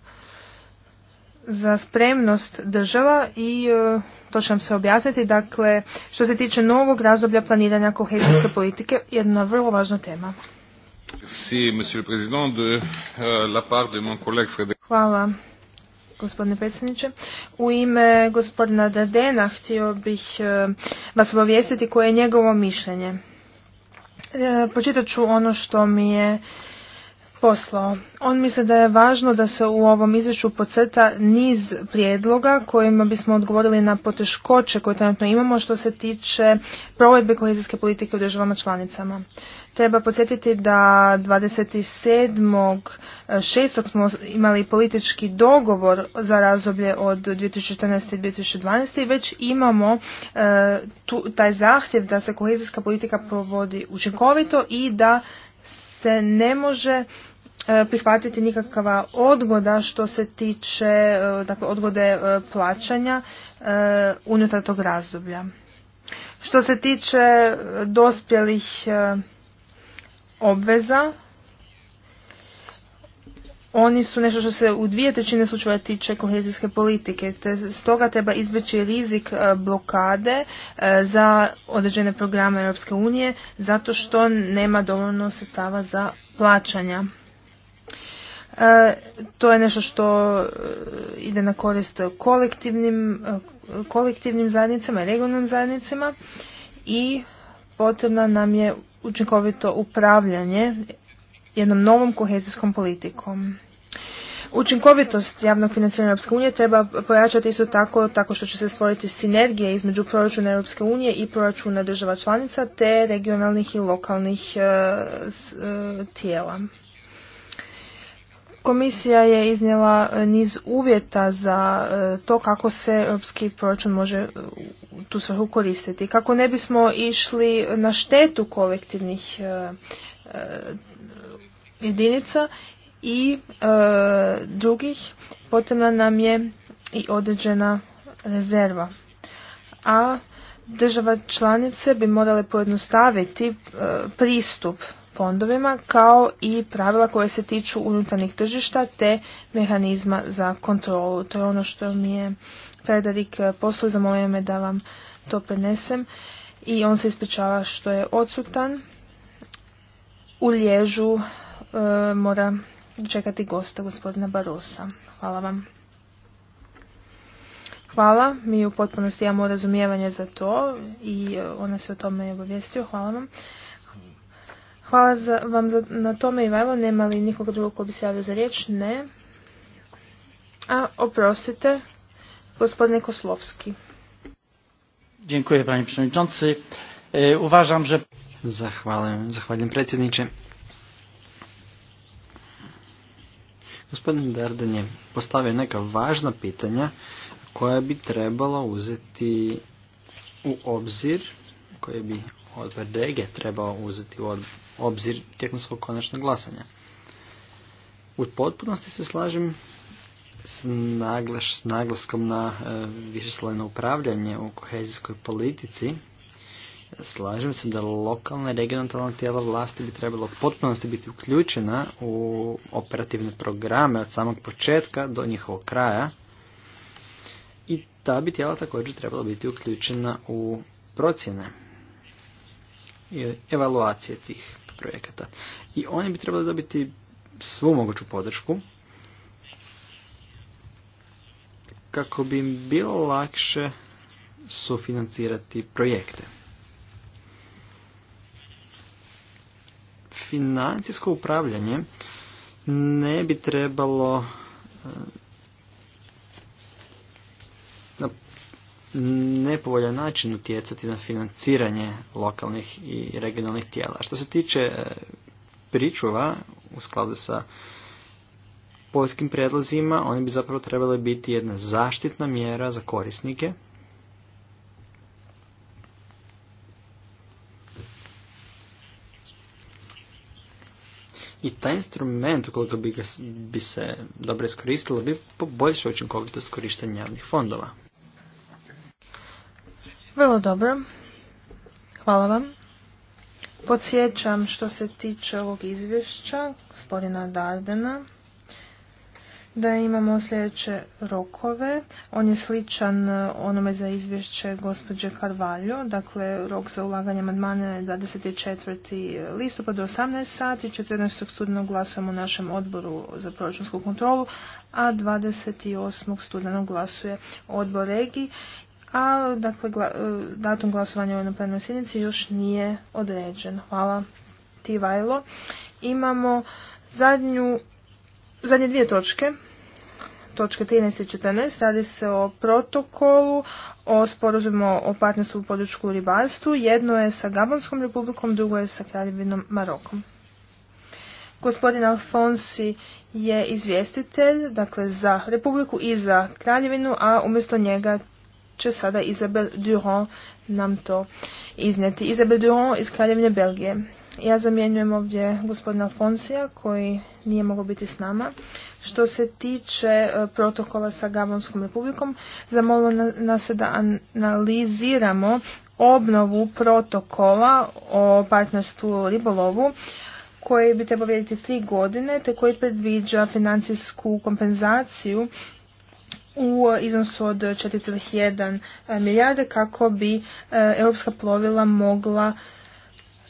za spremnost država i e, to ću vam se objasniti. Dakle, što se tiče novog razdoblja planiranja kohezijske politike, jedna vrlo važna tema. Hvala gospodine predsjedniče. U ime gospodina Dardena htio bih e, vas obavijestiti koje je njegovo mišljenje. E, počitat ću ono što mi je poslao. On misli da je važno da se u ovom izvješću podcrta niz prijedloga kojima bismo odgovorili na poteškoće koje trenutno imamo što se tiče provedbe kohezijske politike u državama članicama. Treba podsjetiti da 27.6. smo imali politički dogovor za razdoblje od 2014. i 2012. i već imamo e, tu, taj zahtjev da se kohezijska politika provodi učinkovito i da se ne može E, prihvatiti nikakva odgoda što se tiče e, dakle, odgode e, plaćanja unutar tog razdoblja. Što se tiče dospjelih obveza, oni su nešto što se u dvije trećine slučajeva tiče kohezijske politike, te stoga treba izbjeći rizik blokade za određene programe Europske unije zato što nema dovoljno sredstava za plaćanja. E, to je nešto što e, ide na korist kolektivnim, e, kolektivnim zajednicama i regionalnim zajednicama i potrebno nam je učinkovito upravljanje jednom novom kohezijskom politikom. Učinkovitost javnog financiranja Europske unije treba pojačati isto tako tako što će se stvoriti sinergije između proračuna Europske unije i proračuna država članica te regionalnih i lokalnih tijela. Komisija je iznijela e, niz uvjeta za e, to kako se europski proračun može e, tu svrhu koristiti. Kako ne bismo išli na štetu kolektivnih jedinica i drugih, potrebna nam je i određena rezerva. A država članice bi morale pojednostaviti pristup fondovima kao i pravila koje se tiču unutarnjih tržišta te mehanizma za kontrolu. To je ono što mi je Frederik eh, poslu zamolio me da vam to prenesem i on se ispričava što je odsutan. U lježu eh, mora čekati gosta gospodina Barosa. Hvala vam. Hvala, mi u potpunosti imamo razumijevanje za to i eh, ona se o tome je obavijestio. Hvala vam. Hvala za, vam na tome, Ivajlo. Nema li nikog drugog ko bi se javio za riječ? Ne. A, oprostite, gospodine Koslovski. Dziękuję, panie przewodniczący. E, uważam, że... Zahvaljujem, zahvaljujem predsjedniče. Gospodin Darden je postavio neka važna pitanja koja bi trebalo uzeti u obzir, koje bi odvrdege DG trebao uzeti u obzir obzir tijekom svog konačnog glasanja. U potpunosti se slažem s, s naglaskom na e, višeslojno upravljanje u kohezijskoj politici. Slažem se da lokalna i regionalna tijela vlasti bi trebalo u potpunosti biti uključena u operativne programe od samog početka do njihovog kraja. I ta bi tijela također trebala biti uključena u procjene i evaluacije tih projekata. I oni bi trebali dobiti svu moguću podršku kako bi im bilo lakše sufinancirati projekte. Financijsko upravljanje ne bi trebalo nepovoljan način utjecati na financiranje lokalnih i regionalnih tijela. Što se tiče e, pričuva u skladu sa poljskim prijedlozima, oni bi zapravo trebali biti jedna zaštitna mjera za korisnike. I taj instrument, ukoliko bi, ga, bi se dobro iskoristilo, bi poboljšao učinkovitost korištenja javnih fondova. Vrlo dobro. Hvala vam. Podsjećam što se tiče ovog izvješća gospodina Dardena da imamo sljedeće rokove. On je sličan e, onome za izvješće gospođe Karvaljo. Dakle, rok za ulaganje amandmana je 24. listopad do 18 sati. 14. studenog glasujemo u našem odboru za proračunsku kontrolu, a 28. studenog glasuje odbor regi a dakle, gla, e, datum glasovanja u na plenarnoj sjednici još nije određen. Hvala ti Vajlo. Imamo zadnju, zadnje dvije točke, točke 13 i 14, radi se o protokolu o sporazumu o partnerstvu u području ribarstvu. Jedno je sa Gabonskom republikom, drugo je sa Kraljevinom Marokom. Gospodin Alfonsi je izvjestitelj, dakle za Republiku i za Kraljevinu, a umjesto njega će sada Izabel Durand nam to izneti. Izabel Durand iz Kraljevine Belgije. Ja zamjenjujem ovdje gospodina Alfonsija koji nije mogao biti s nama. Što se tiče e, protokola sa Gabonskom republikom, zamolilo nas se da analiziramo obnovu protokola o partnerstvu ribolovu koji bi trebao vrijediti tri godine te koji predviđa financijsku kompenzaciju u iznosu od 4,1 e, milijarde kako bi e, europska plovila mogla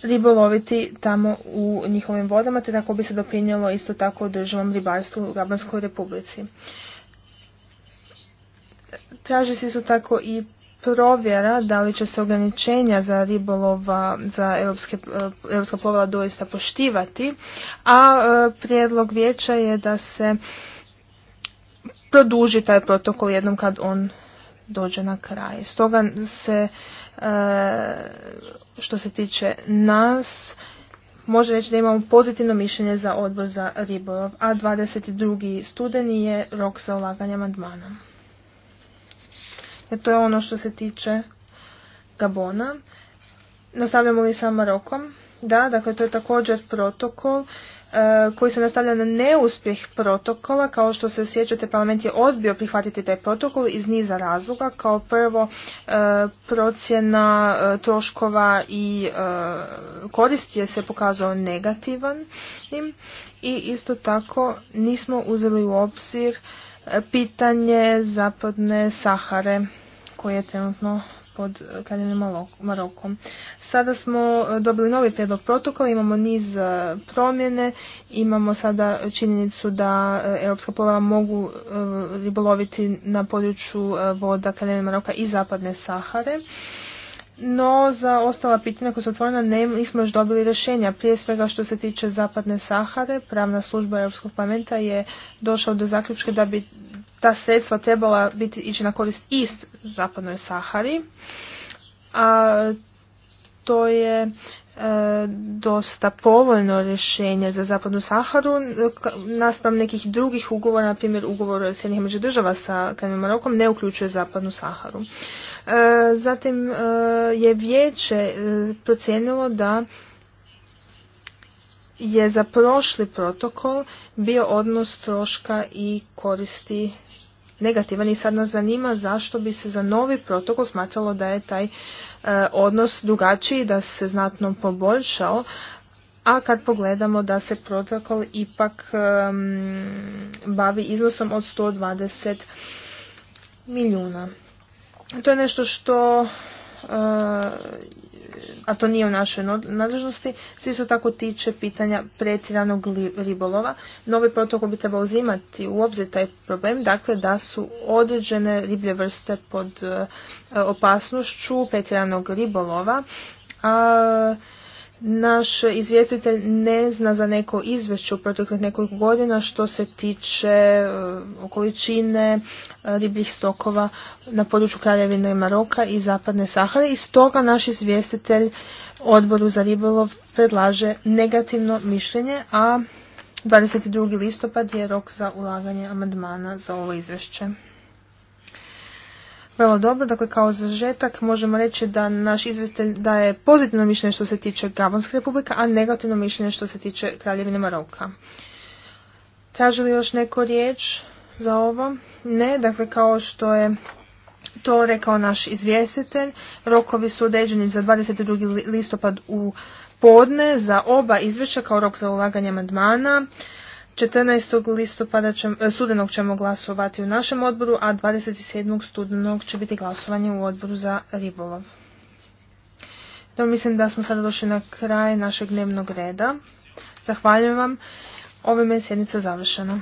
riboloviti tamo u njihovim vodama, te tako bi se dopinjalo isto tako državom ribarstvu u Gabanskoj republici. Traži se isto tako i provjera da li će se ograničenja za ribolova za e, europska plovila doista poštivati, a prijedlog vijeća je da se produži taj protokol jednom kad on dođe na kraj. Stoga se e, što se tiče nas može reći da imamo pozitivno mišljenje za odbor za ribolov, a 22. studeni je rok za ulaganje amandmana. E, to je ono što se tiče Gabona. Nastavljamo li sa Marokom? Da, dakle to je također protokol E, koji se nastavlja na neuspjeh protokola. Kao što se sjećate, parlament je odbio prihvatiti taj protokol iz niza razloga. Kao prvo, e, procjena e, troškova i korist je se pokazao negativan i isto tako nismo uzeli u obzir pitanje zapadne Sahare koje je trenutno pod Kraljevinom Marokom. Sada smo e, dobili novi prijedlog protokola, imamo niz e, promjene, imamo sada činjenicu da e, europska plovila mogu riboloviti na području voda Kraljevine Maroka i zapadne Sahare. No, za ostala pitanja koja su otvorena nismo još dobili rješenja. Prije svega što se tiče Zapadne Sahare, pravna služba Europskog parlamenta je došla do zaključka da bi ta sredstva trebala biti ići na korist iz zapadnoj Sahari, a to je e, dosta povoljno rješenje za zapadnu Saharu naspram nekih drugih ugovora, na primjer ugovor Sjednih među država sa Kraljevim Marokom ne uključuje zapadnu Saharu. E, zatim e, je vijeće procijenilo da je za prošli protokol bio odnos troška i koristi negativan i sad nas zanima zašto bi se za novi protokol smatralo da je taj e, odnos drugačiji, da se znatno poboljšao, a kad pogledamo da se protokol ipak bavi iznosom od 120 milijuna. To je nešto što e, a to nije u našoj nadležnosti, se isto tako tiče pitanja pretjeranog ribolova. Novi protokol bi trebao uzimati u obzir taj problem, dakle da su određene riblje vrste pod e, opasnošću pretjeranog ribolova, a naš izvjestitelj ne zna za neko izvješće u proteklih nekoliko godina što se tiče e, količine e, ribljih stokova na području Kraljevine Maroka i Zapadne Sahare i stoga naš izvjestitelj odboru za ribolov predlaže negativno mišljenje, a 22. listopad je rok za ulaganje amandmana za ovo izvješće vrlo dobro. Dakle, kao zažetak možemo reći da naš izvjestitelj daje pozitivno mišljenje što se tiče Gabonske republike, a negativno mišljenje što se tiče Kraljevine Maroka. Traži li još neko riječ za ovo? Ne, dakle, kao što je to rekao naš izvjestitelj, rokovi su određeni za 22. listopad u podne za oba izvješća kao rok za ulaganje amandmana. 14. listopada ćemo, e, studenog ćemo glasovati u našem odboru, a 27. studenog će biti glasovanje u odboru za ribolov. to mislim da smo sada došli na kraj našeg dnevnog reda. Zahvaljujem vam. Ovime je sjednica završena.